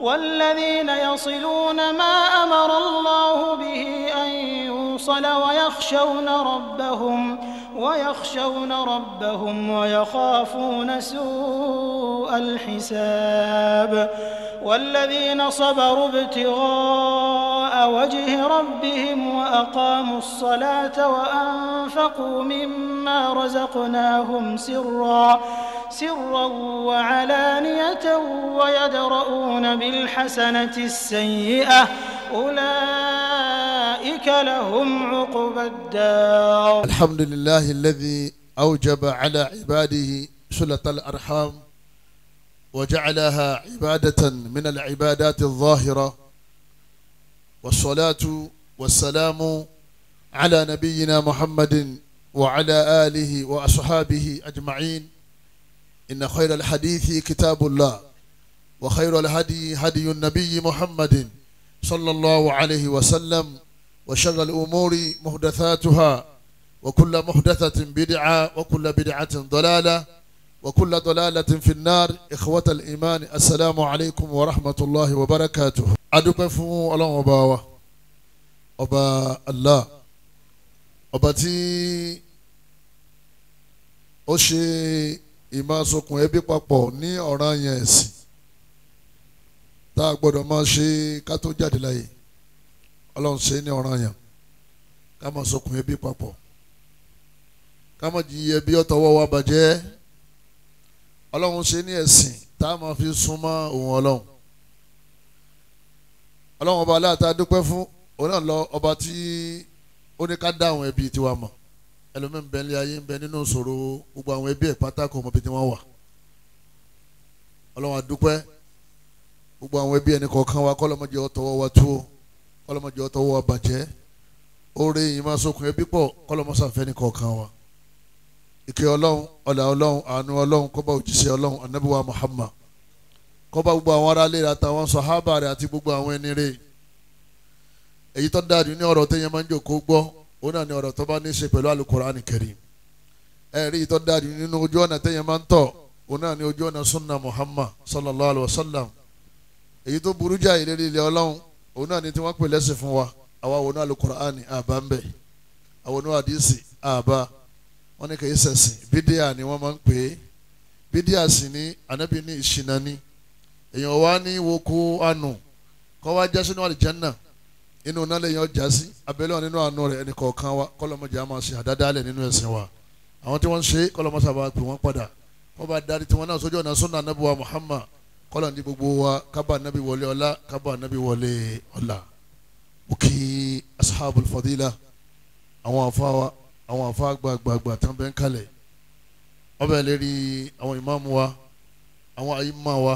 والذين يصلون ما أمر الله به أن يوصل ويخشون ربهم ويخشون ربهم ويخافون سوء الحساب والذين صبروا ابتغاء وجه ربهم وأقاموا الصلاة وأنفقوا مما رزقناهم سرًّا سرا وعلانية ويدرؤون بالحسنة السيئة أولئك لهم عقبى الدار الحمد لله الذي أوجب على عباده سلة الأرحام وجعلها عبادة من العبادات الظاهرة والصلاة والسلام على نبينا محمد وعلى آله وأصحابه أجمعين إن خير الحديث كتاب الله وخير الهدي هدي النبي محمد صلى الله عليه وسلم وشر الأمور محدثاتها وكل محدثة بدعة وكل بدعة ضلالة وكل ضلالة في النار إخوة الإيمان السلام عليكم ورحمة الله وبركاته أدوكفو الله وباوة أبا الله أبتي أشي ìmásokùn ẹbí papọ̀ ní ọ̀ràn yẹn ẹ̀sìn tá a gbọ́dọ̀ máa ṣe ká tó jáde láyé ọlọ́run ṣe ní ọ̀ràn yẹn ká máa sokùn ẹbí papọ̀ ká máa jí ẹbí ọ̀tọ̀wọ́ wa bàjẹ́ ọlọ́run ṣe ní ẹ̀sìn tá a máa fi súnmọ́ òun ọlọ́run ọlọ́run ọba aláàtà dúpẹ́ fún òun náà lọ ọba tí ó ní ká dá àwọn ẹbí tiwa mọ̀ ẹlòmíín bẹ nílé ayé ń bẹ nínú ìṣòro gbogbo àwọn ẹbí ẹ̀ pátákó ọmọbi tí wọ́n wà ọlọ́wọ́n àdúpẹ́ gbogbo àwọn ẹbí ẹni kọ̀ọ̀kan wa kọ́lọ́mọdé ọ̀tọ̀wọ́ wa tú kọ́lọ́mọdé ọ̀tọ̀wọ́ wa bàjẹ́ oore yìí máa sokùn ẹbí pọ̀ kọ́lọ́mọsàfẹ́ ni kọ̀ọ̀kan wa ìkẹ́ ọlọ́run ọ̀là ọlọ́run àánú ọlọ́run kọ́ba òjíṣẹ́ ọlọ́run anábíwá Muhammad kọ́ba gbogbo àwọn ará léra àtàwọn sàhábà rẹ̀ àti gbogbo àwọn ẹni rẹ̀ èyí tó dáadùn ní ọ̀rọ̀ téèyàn máa ń òun náà ni ọ̀rọ̀ tó bá ní í ṣe pẹ̀lú alukur'an karim ẹ̀rí tó dáàdi nínú ojú ọ̀nà tẹ́yẹ̀ máa ń tọ̀ òun náà ni ojú ọ̀nà sunna muhammad sallallahu alayhi wa sallam èyí tó burú jà ìlérí ilẹ̀ ọlọ́run òun náà ni tí wọ́n pè lẹ́sìn fún wa àwa wọnú alukur'an àbá ń bẹ̀ àwọn onú àdìsí àbá wọn ni kìí sẹ̀sìn bídíà ni wọ́n máa ń pè é bídíà sì ni ànábì ní ìṣìnà ni èèyàn wá ní woko àánú kọ́ wá jásínú àlìjánná inú náà lèèyàn já sí abẹ́lẹ́ wọn nínú àánú rẹ̀ ẹnì kọ̀ọ̀kan wa kọ́lọ́mọdé a máa ṣe àdádálẹ̀ nínú ẹ̀sìn wa àwọn tí wọ́n ń ṣe kọ́lọ́mọsá bá pè wọ́n padà wọ́n bá darí tiwọn náà sójú ọ̀nà sunna anabi wa Muhammad kọ́lọ̀ ní gbogbo wa kábà anabi wọlé ọlá kábà anabi wọlé ọlá òkè asahabul fadila àwọn afa wa àwọn afa gbàgbàgbà tán bẹ́ẹ̀ kalẹ̀ ọbẹ̀ lérí àwọn ìmáàmù wa àwọn ayímà wa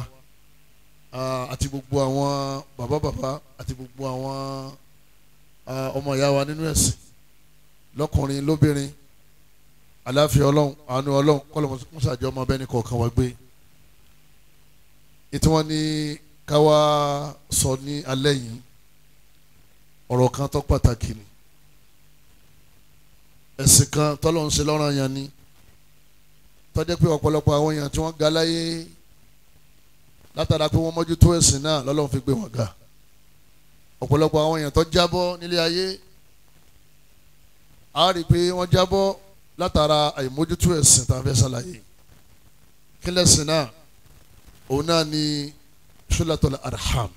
àti gbogbo àwọn bàbá bàbá àti gbogbo àwọn ọmọ ìyá wa nínú ẹ̀sìn lọ́kùnrin lóbìnrin àláfíà ọlọ́run àánú ọlọ́run kọ́lọ́mọsájọ́ ọmọ abẹ́ni kọ̀ọ̀kan wá gbé ètò wọn ni káwa sọ ní alẹ́ yìí ọ̀rọ̀ kan tó pàtàkì ni ẹ̀sìn kan tọ́lọ́run ṣe lọ́ranyàn ni tó pé ọ̀pọ̀lọpọ̀ àwọn èèyàn tí wọ́n ga láyé látara pé wọ́n mójútó ẹ̀sìn náà lọ́lọ́run fi gbé wọn ga ọ̀pọ̀lọpọ̀ àwọn èèyàn tó jábọ́ nílé ayé a rí i pé wọ́n jábọ́ látara àìmójútó ẹ̀sìn tá a fẹ́ ṣàlàyé kílẹ̀sìn náà òun náà ni ṣúlẹ̀tọ̀lẹ̀ arham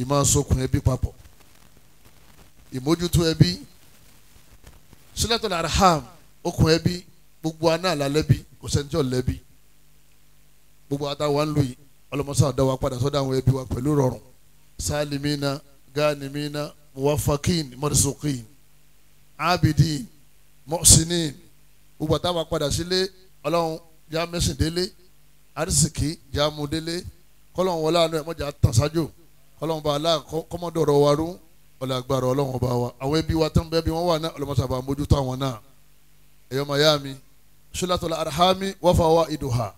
ìmọ̀-sokùn ẹbí papọ̀ ìmójútó ẹbí ṣúlẹ̀tọ̀lẹ̀ arham okùn ẹbí gbogbo aná àlálẹ́bí kò sẹ́ńtì ọ̀lẹ́bí gbogbo àtàwọn ń lò yìí ọlọmọsá dáwà padà sọ́dọ̀ àwọn ẹbí wa pẹ̀lú rọrùn salimina ganimina muwafakin mọdẹsọkin abidin mọsinin gbogbo àtàwà padà sílé Ọlọ́run já mẹsìn délé arísìkí já mu délé kọlọn wọlé àánú ẹ mọjà tàn sájò kọlọn bá aláà kọmọdọrọ wa rú ọlọ agbára Ọlọ́run ọba wa àwọn ẹbí wa tán bẹ́ẹ̀ wọn wà náà ọlọmọsá bá mójútó àwọn náà ẹyọ mayami sulatul arhami wàfà iduha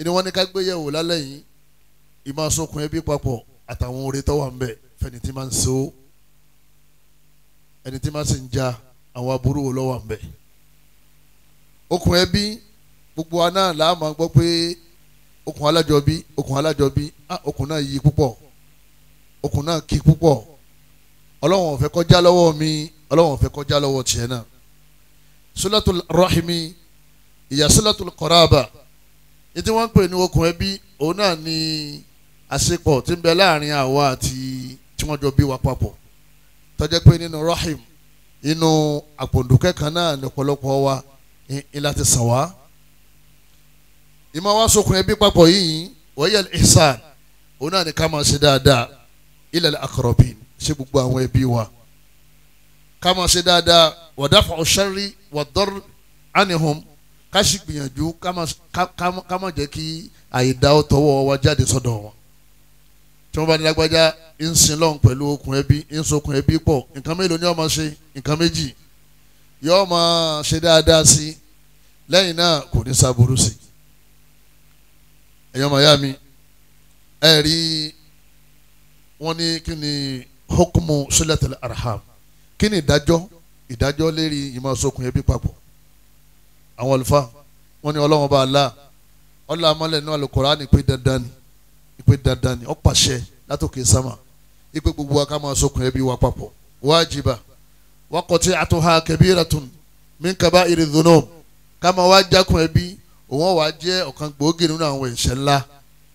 ìní wọn ní ká gbé yẹ̀wò lálẹ́ yìí ìmọ̀ sókun ẹbí papọ̀ àtàwọn oore tó wà ń bẹ fẹ́ni tí máa ń so ẹni tí máa sì ń ja àwọn aburú wo ló wà ń bẹ. okùn ẹbí gbogbo wa náà làá máa gbọ́ pé okùn alájọbí okùn alájọbí okùn náà yí púpọ̀ okùn náà kí púpọ̀ ọlọ́wọ̀n ọ̀fẹ́ kọjá lọ́wọ́ mi ọlọ́wọ̀n ọ̀fẹ́ kọjá lọ́wọ́ tiẹ̀ náà sulatul rahimi ìyá sulatul qaraba ní tí wọ́n ń pè ní okùn ẹbí òun náà ni àṣepọ̀ tí ń bẹ láàrin àwa àti tí wọ́n jọ bí wa papọ̀ tó jẹ́ pé nínú rahim inú àpòǹdùkẹ́ kan náà ní ọ̀pọ̀lọpọ̀ wa ìlà ti sàn wá ìmọ̀ wá sokùn ẹbí papọ̀ yìí wọ́yẹ̀ ihsan òun náà ni ká máa ṣe dáadáa ilal aqrabin ṣe gbogbo àwọn ẹbí wa ká máa ṣe dáadáa wa daf'u sharri wa ká sì gbìyànjú ká má jẹ́ kí àyèdá tọwọ́ wa jáde sọ́dọ̀ wọn tí wọ́n bá ní lágbájá ń sin lọ́hùn pẹ̀lú okùn ẹbí ń sokùn ẹbí pọ̀ nǹkan mélòó ni ó máa ṣe nǹkan méjì yóò máa ṣe dáadáa sí i lẹ́yìn náà kò ní sábúrú sí i ẹ̀yọ́ màyá mi ẹ̀ rí wọ́n ní kí ni hukumu sulatul arham kí ni ìdájọ́ ìdájọ́ lérí ìmọ̀ sokùn ẹbí papọ̀ àwọn àlùfáà wọ́n ní ọlọ́run bá la ọlá amálẹ̀ náà Al-Kùránì ìpè dandan ni ìpè dandan ni ó pàṣẹ látòkè sámà ìpè gbogbo wa ká máa sokùn ẹbí wa papọ̀ wájibà wákọ̀tí àtúnhà kabiratun min kaba'iri dhunub ká máa wá jákun ẹbí òun wàá jẹ́ ọ̀kan gbòógì nínú àwọn ẹ̀ṣẹ̀ ńlá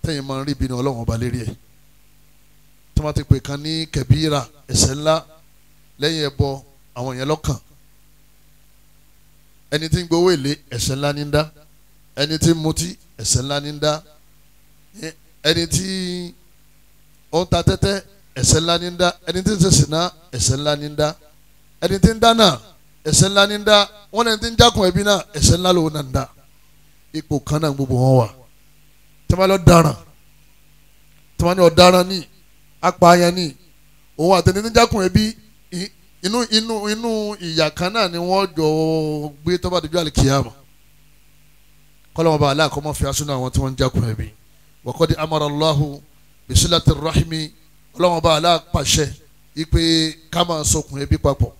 tẹ̀yìn máa ń rí ibi ní ọlọ́run lérí ẹ̀ tí wọ́n ti pè kan ní kabira ẹ̀ṣẹ̀ ńlá lẹ́yìn ẹ̀bọ àwọn èèyàn lọ́kàn ẹni tí ń gbowó èlé ẹ̀ṣẹ̀ ńlá ní ń dá ẹni tí ń mutí ẹ̀ṣẹ̀ ńlá ní ń dá ẹni tí ó ń ta tẹ́tẹ́ ẹ̀ṣẹ̀ ńlá ní ń dá ẹni tí ń ṣe sìná ẹ̀ṣẹ̀ ńlá ní ń dá ẹni tí ń dáná ẹ̀ṣẹ̀ ńlá ní ń dá wọn ẹni tí ń jákun ẹbí náà ẹ̀ṣẹ̀ ńlá lòun náà ń dá ipò kan náà gbogbo wọn wà tẹmálọ dáràn tẹmálọ dáràn ní apààyàn ní òun àtẹnudínjákun ẹbí inú inú inú ìyà kan náà ni wọ́n jọ gbé tó bá dojú àlìkìyàmà kọ́lọ́mọ bá aláàkọ́ mọ́ fi asúnú àwọn tí wọ́n ń jákun ẹ̀mí wọ́kọ́ di amara Allahu bisilati rahimi ọlọ́mọ bá aláàpàṣẹ ipe kama máa sokùn ẹbí papọ̀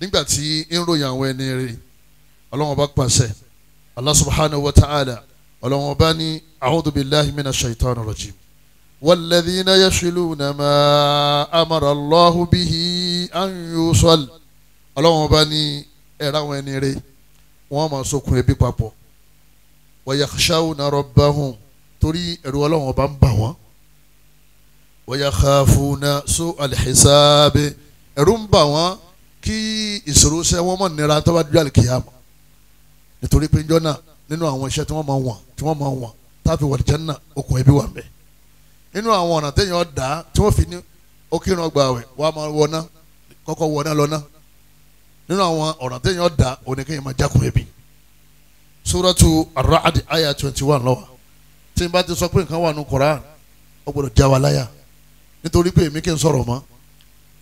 nígbà tí ń ròyìn àwọn ẹni rè ọlọ́mọ bá pàṣẹ Allah subhanahu wa ta'ala ọlọ́mọ bá ní a'udhu billahi minash shaitani rajim. والذين يصلون ما أمر الله به أن يوصل ọlọ́run bá ní ẹ̀rọ àwọn ẹni rẹ̀ wọ́n máa sokùn ẹbí papọ̀ ويخشون ربهم torí ẹ̀rù ọlọ́run bá ń bà wọ́n ويخافون سوء الحساب ẹ̀rù ń bà wọ́n kí ìṣòro ṣe wọ́n mọ̀ nira tó bá dúró àlùkìyàmọ̀ nítorí pé jọ́nà nínú àwọn iṣẹ́ tí wọ́n máa wọ̀n tí wọ́n máa wọ̀n táàfin wal janna okùn ẹbí wà mẹ́ẹ̀ nínú àwọn ọ̀nà téèyàn dá tí wọ́n fi ní ó kírun ọgbà wẹ̀ wàá máa wọná kọ́kọ́ wọná lọ́ná nínú àwọn ọ̀nà téèyàn dá òní kéèyàn máa jákun ebi suratu ar-ra'd aya twenty one lọ́wọ́ tí n bá ti sọ pé nǹkan wà nù Qur'an ó gbọ́dọ̀ já wa láyà nítorí pé èmi kì í sọ̀rọ̀ mọ́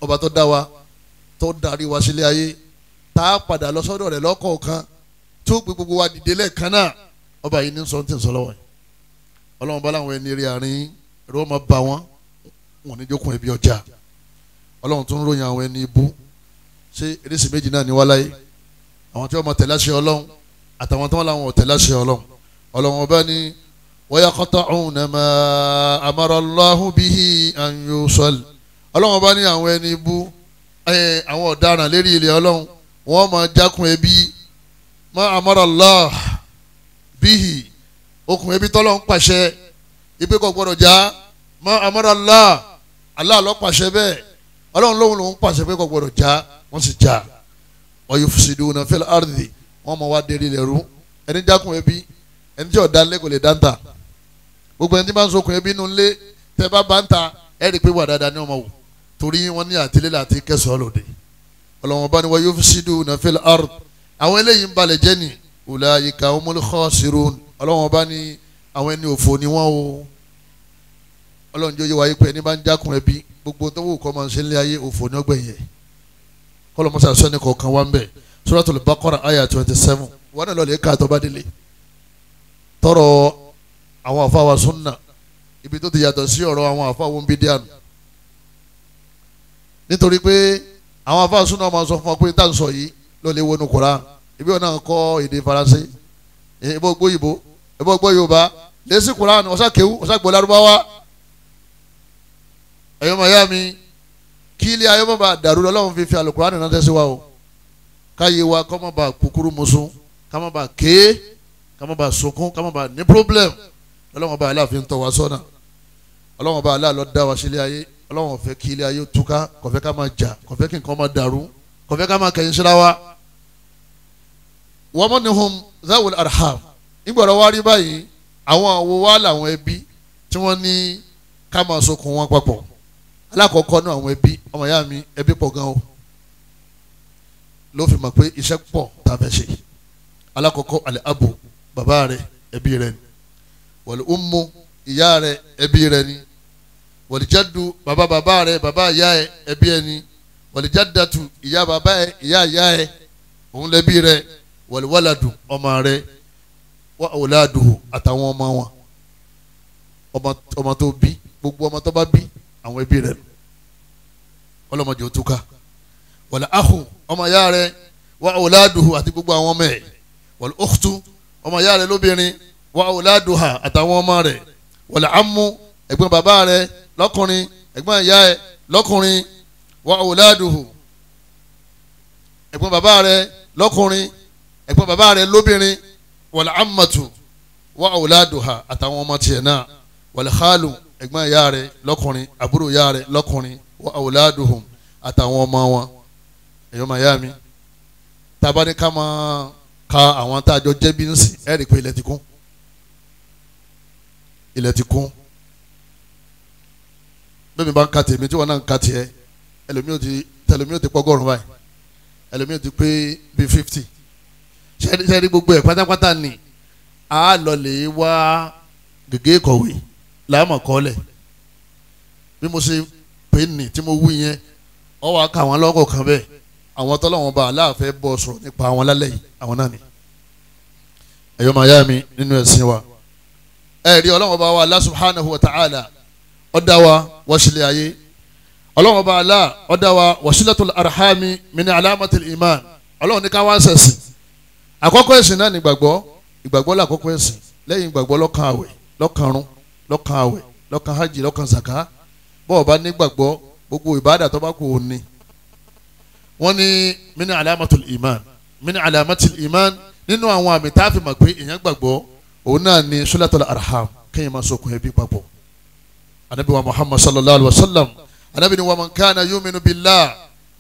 ọba tó dá wa tó darí wa sílé ayé tá a padà lọ sọ́dọ̀ rẹ̀ lọ́kọ̀ọ̀kan tó gbé gbogbo wa dìde lẹ́ẹ̀kan náà ọba yìí ní sọ́ńtì sọ́lọ́wọ́ yìí ọlọ́run bá láwọn ẹni rí àárín ẹ̀rọ ọmọ bá wọn wọn ní jókòó ẹbí ọjà ọlọ́run tó ń ròyìn àwọn ẹni ibú ṣé eréṣì méjì náà ní wá láyé àwọn tí wọ́n máa tẹ̀láṣẹ ọlọ́run àtàwọn tí wọ́n làwọn ò tẹ̀láṣẹ ọlọ́run ọlọ́run ọba ní wa yaqta'una ma amara Allahu bihi an yusal ọlọ́run ọba ní àwọn ẹni ibú àwọn ọ̀daràn lérí ilẹ̀ ọlọ́run wọ́n máa jákun ẹbí ma amara bihi okùn ẹbí tọ́lọ́ ń pàṣẹ ìpè kò gbọdọ̀ já mọ amara Allah Allah ló pàṣẹ bẹ́ẹ̀ ọlọ́run lóhùn lòún pàṣẹ pé kò gbọdọ̀ já wọ́n sì já wa yufsiduna fil ardi wọ́n mọ̀ wá délé lẹ́rú ẹni jákun ẹbí ẹni tí ọ̀dà ńlẹ́ kò lè dáńtà gbogbo ẹni tí máa ń sokùn ẹbí nu ńlẹ́ tẹ́ bá bá ń ta ẹ rí i pé wà dáadáa ní ọmọ wò torí wọn ní àtìlélà àti kẹsàn-án lòdì khasirun ọlọ́wọ́n bá ni wọ́n o ọlọ́run jẹ́ wáyé pé ẹni bá ń jákun ẹbí gbogbo tó wù kọ́ máa ń ṣe nílé ayé òfò ní ọgbẹ̀yìn ẹ̀ kọ́lọ́mọ́sá sọ́ni kọ̀ọ̀kan wá ń bẹ̀ Suratul Baqara àyà twenty seven wọn náà lọ lè ka àtọ́ba délé tọrọ àwọn àfáwà súnà ibi tó ti yàtọ̀ sí ọ̀rọ̀ àwọn àfáwà ń bí díànù nítorí pé àwọn àfáwà súnà máa sọ fún ọ pé tá à ń sọ yìí ló lè wọnú Kùránì ibi wọn náà kọ́ èdè faransé ìbọn gbóyìnbó ìbọn gbóyìnbó lè sí Kùránì ọ̀sà kéwú ọ̀sà gbọ́lárúbáwá ẹ̀yọ́ màyá mi kí ilé ayé má bàa dàrú lọ́wọ́ fi fi àlùkùránì náà tẹ́sí wa o káyé wa kọ́ má bàa kúkúrú musun ká má bàa kéé ká má bàa sunkún ká má bàa ní problem ọlọ́wọ́n bá aláàfin tọ́ wa sọ́nà ọlọ́wọ́n bá aláà lọ dá wa sílé ayé ọlọ́wọ́n fẹ́ kí ilé ayé túká kò fẹ́ ká máa jà kò kí nǹkan máa dàrú kò ká máa kẹ̀yìn síra wa. wọ́n mọ̀ ní hum zawul arham nígbàdàn wá rí báyìí àwọn àwo wá làwọn ẹbí tí wọ́n ní ká máa sokùn wọn papọ̀ alákọ̀ọ́kọ́ náà àwọn ẹbí ọmọ ìyá mi ẹbí pọ̀ gan o ló fi mọ̀ pé iṣẹ́ pọ̀ tá a fẹ́ ṣe alákọ̀ọ́kọ́ alẹ́ abo bàbá rẹ ẹbí rẹ ni wal ummu ìyá rẹ ẹbí rẹ ni wal jaddu bàbá bàbá rẹ bàbá ìyá ẹ ẹbí ẹ ni wal jaddatu ìyá bàbá ẹ ìyá ìyá ẹ òun lẹbí rẹ wal waladu ọmọ rẹ wa oladu, àtàwọn ọmọ wọn ọmọ tó bí gbogbo ọmọ tó bá bí àwọn ẹbí rẹ ọlọ́mọdé ó túká wàlẹ̀ ahu ọmọ ìyá rẹ wà ọ̀làdùhù àti gbogbo àwọn ọmọ ẹ̀ wàlẹ̀ ọ̀tú ọmọ ìyá rẹ lóbìnrin wà ọ̀làdùhà àtàwọn ọmọ rẹ wàlẹ̀ amú ẹ̀gbọ́n bàbá rẹ lọ́kùnrin ẹ̀gbọ́n ìyá ẹ lọ́kùnrin wà ọ̀làdùhù ẹ̀gbọ́n bàbá rẹ lọ́kùnrin ẹ̀gbọ́n bàbá rẹ lóbìnrin wàlẹ̀ amàtù wà ọ̀làdùhà àtàwọn ọmọ tiẹ̀ náà wàlẹ̀ xaalu ẹ̀gbọ́n ìyá rẹ̀ lọ́kùnrin àbúrò ìyá rẹ̀ lọ́kùnrin wa awladuhum àtàwọn ọmọ wọn ẹ̀yọ́ màá yá mi tàbá máa ka àwọn tá a jọ jẹ́ bí ń sìn ẹ̀ rí i pé ilẹ̀ ti kún ilẹ̀ ti kún bẹ́ẹ̀ mi bá ń ka tèmi tí wọ́n náà ń ka tiẹ̀ ẹlòmíràn ti tẹlòmíràn ti pọ́gọ́rùn báyìí ẹlòmíràn ti pé bíi fifty ṣẹ́ẹ́rí gbogbo ẹ̀ pátápátá ni a lọ lè wá gègé kọ̀wé làámọ̀ kọ́lẹ̀ bí mo ṣe pè ní tí mo wú yẹn ọ wá ká àwọn lọ́kọ̀ kan bẹ́ẹ̀ àwọn tọ́lọ́wọ́n bá aláàfẹ́ bọ̀ sọ̀rọ̀ nípa àwọn lálẹ́ yìí àwọn náà ni ẹ̀yọ́ màá yá mi nínú ẹ̀sìn wa ẹ̀rí ọlọ́wọ́n bá wa Allah subhanahu wa ta'ala ọ̀dá wa wọ́ṣílẹ̀ ayé ọlọ́wọ́n bá Allah ọ̀dá wa wasilatul arhami min alamatil iman ọlọ́wọ́n ní ká wá sẹ̀sìn àkọ́kọ́ ẹ̀sìn náà ní ìgbàgbọ́ ìgbàgbọ́ làkọ́kọ́ ẹ̀sìn lọ́kàn àwẹ̀ lọ́kàn àwẹ̀ lọ́kàn hajj lọ́kàn zaka bọ́ọ̀ bá nígbàgbọ́ gbogbo ìbáàdà tó bá kù ò ní. wọ́n ní mini alamatul iman mini alamatul iman nínú àwọn àmì tá a fi mọ̀ pé èèyàn gbàgbọ́ òun náà ni sulatul arham kéèyàn máa sokùn ẹbí papọ̀ anabi wa muhammad sallallahu alaihi wa sallam anabi ni wa man kana yuminu billah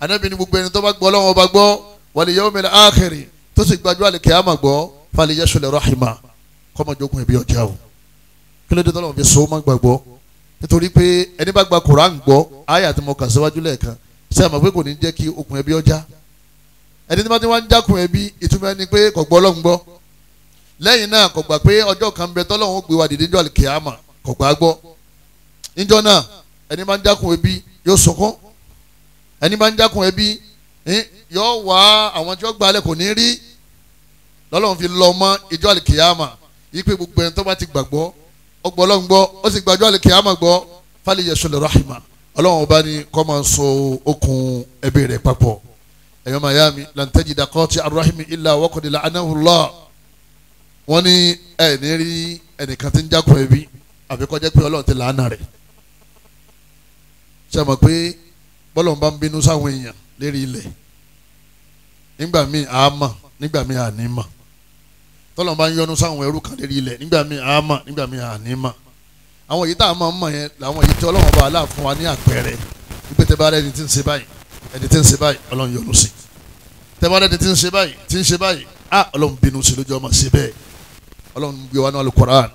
anabi ni gbogbo ẹni tó bá gbọ́ lọ́wọ́ bá gbọ́ wal yawmil akhir tó sì gbàgbọ́ àlè kìámà gbọ́ fàlìyẹ́sùlẹ̀ rahima kọ́mọ̀jọ́kùn ẹbí ọjà o kí ló dé tọ́lọ́run fi so mọ́ gbàgbọ́ nítorí pé ẹni bá gba koran gbọ́ àyà tí mo kà síwájú lẹ́ẹ̀kan ṣé àmọ́ pé kò ní jẹ́ kí okùn ẹbí ọjà ẹni tí wọ́n ti wá ń jákun ẹbí ìtumọ̀ ẹni pé kò gbọ́ Ọlọ́run gbọ́ lẹ́yìn náà kò gbà pé ọjọ́ kan bẹ tọ́lọ́run ó gbé wa dìde níjọ́ àlìkèámà kò gbà gbọ́ níjọ́ náà ẹni máa lọ́lọ́run fi lọ mọ́ ìjọ́ àlìkèámà yí pé gbogbo ẹni tó bá ti gbàgbọ́ ọgbọ́ ọlọ́run gbọ́ ó sì gbàjọ́ àlè kìámà gbọ́ fàlìyẹ sọlẹ̀ rahima ọlọ́run ọba ni kọ́ máa so okùn ẹbí rẹ̀ papọ̀ ẹ̀yọ́ mayami lantẹ́jì dakọ́ ti arahimi ilà wọ́kọ̀dìlà anáhùlọ́ wọ́n ní ẹ̀ ní rí ẹnìkan tí ń jákun ẹbí àfikọ́jẹ́ pé ọlọ́run ti làánà rẹ̀ ṣe mọ̀ pé bọ́lọ̀n bá ń bínú sáwọn èèyàn lérí ilẹ̀ nígbà míì àá mọ̀ nígbà míì àá ní mọ̀ tọ́lọ́n bá ń yọnu sáwọn ẹrú kan lérí ilẹ̀ nígbà míì á mọ̀ nígbà míì á ní mọ̀ àwọn èyí tá a mọ̀ ń mọ̀ yẹn làwọn èyí tí Ọlọ́run bá aláà fún wa ní àpẹẹrẹ wípé tẹ bá rẹ ẹni tí ń ṣe báyìí ẹni tí ń ṣe báyìí Ọlọ́run yọnu sí tẹ ẹni tí ń ṣe báyìí tí ń ṣe báyìí á Ọlọ́run bínú sí lójú ọmọ sí bẹ́ẹ̀ Ọlọ́run gbé wa ní Al-Qur'an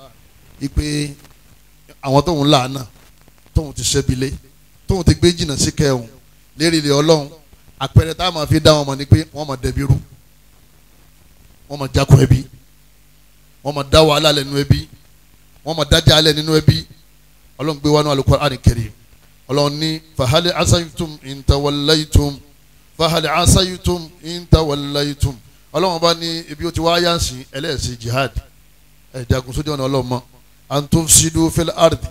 wípé àwọn tóun láàánà tóun ti ṣẹ́bilé tóun ti gbé jìnnà sí kẹun lérí ilé Ọlọ́run àpẹẹrẹ táwọn máa fi dá wọ́n máa dá wàhálà lẹ̀ nínú ẹbí wọ́n máa dájà alẹ̀ nínú ẹbí ọlọ́run gbé wa nínú Al-Qur'an Al-Karim ọlọ́run ní fahali asayutum intawallaytum fahali asayutum intawallaytum ọlọ́run bá ní ibi ó ti wá yá sí ẹlẹ́sìn jihad ẹ̀jagun sójú ọ̀nà ọlọ́run mọ́ antum sidu fil ardi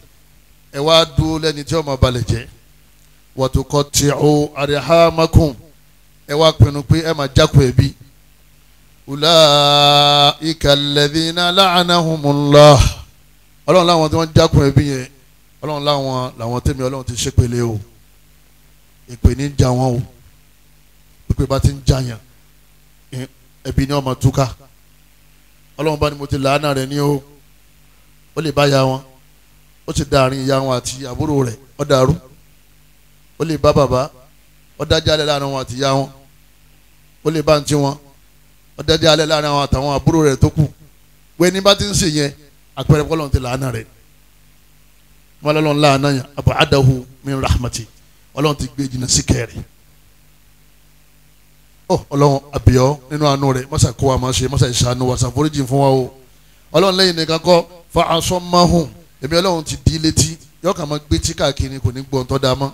ẹ wá dúró lẹ́ni tí ó máa balẹ̀ jẹ́ wàtúkọ̀ tìhó àríhámakùn ẹ wá pinnu pé ẹ máa jákò ẹbí ulaika alladhina la'anahumullah ọlọ́run láwọn tí wọ́n jákun ẹbí yẹn ọlọ́run láwọn làwọn tẹ̀mí ọlọ́run ti ṣépele o ìpè ní jà wọn o ìpè bá ti ń jàyàn ẹbí ni ọmọ túká ọlọ́run bá ní mo ti làánà rẹ̀ ní o ó lè bá ya wọn ó ti da àárín ìyá wọn àti àbúrò rẹ̀ ó dàrú ó lè bá bàbá ó dájà lẹ́ láàrin wọn àti ìyá wọn ó lè bá ń tí wọn ọ̀dẹ́dẹ́ alẹ́ láàrin àwọn àtàwọn àbúrò rẹ̀ tó kù wẹ́n ní bá ti ń sè yẹn àpẹẹrẹ kọ́lọ́n ti làánà rẹ̀ mọ́lọ́lọ́n làánà yẹn àbọ̀ àdàhù min rahmati ọlọ́run ti gbé jìnnà sí kẹrì ọ ọlọ́run àbíọ́ nínú àánú rẹ̀ mọ́sà kó wa máa ṣe mọ́sà ìṣàánú wa ṣàforíjì fún wa o ọlọ́run lẹ́yìn nìkan kọ́ fa aṣọ mahun èmi ọlọ́run ti di létí yọ kàn máa gbé tí káàkiri kò ní gbọ́n tọ́ da mọ́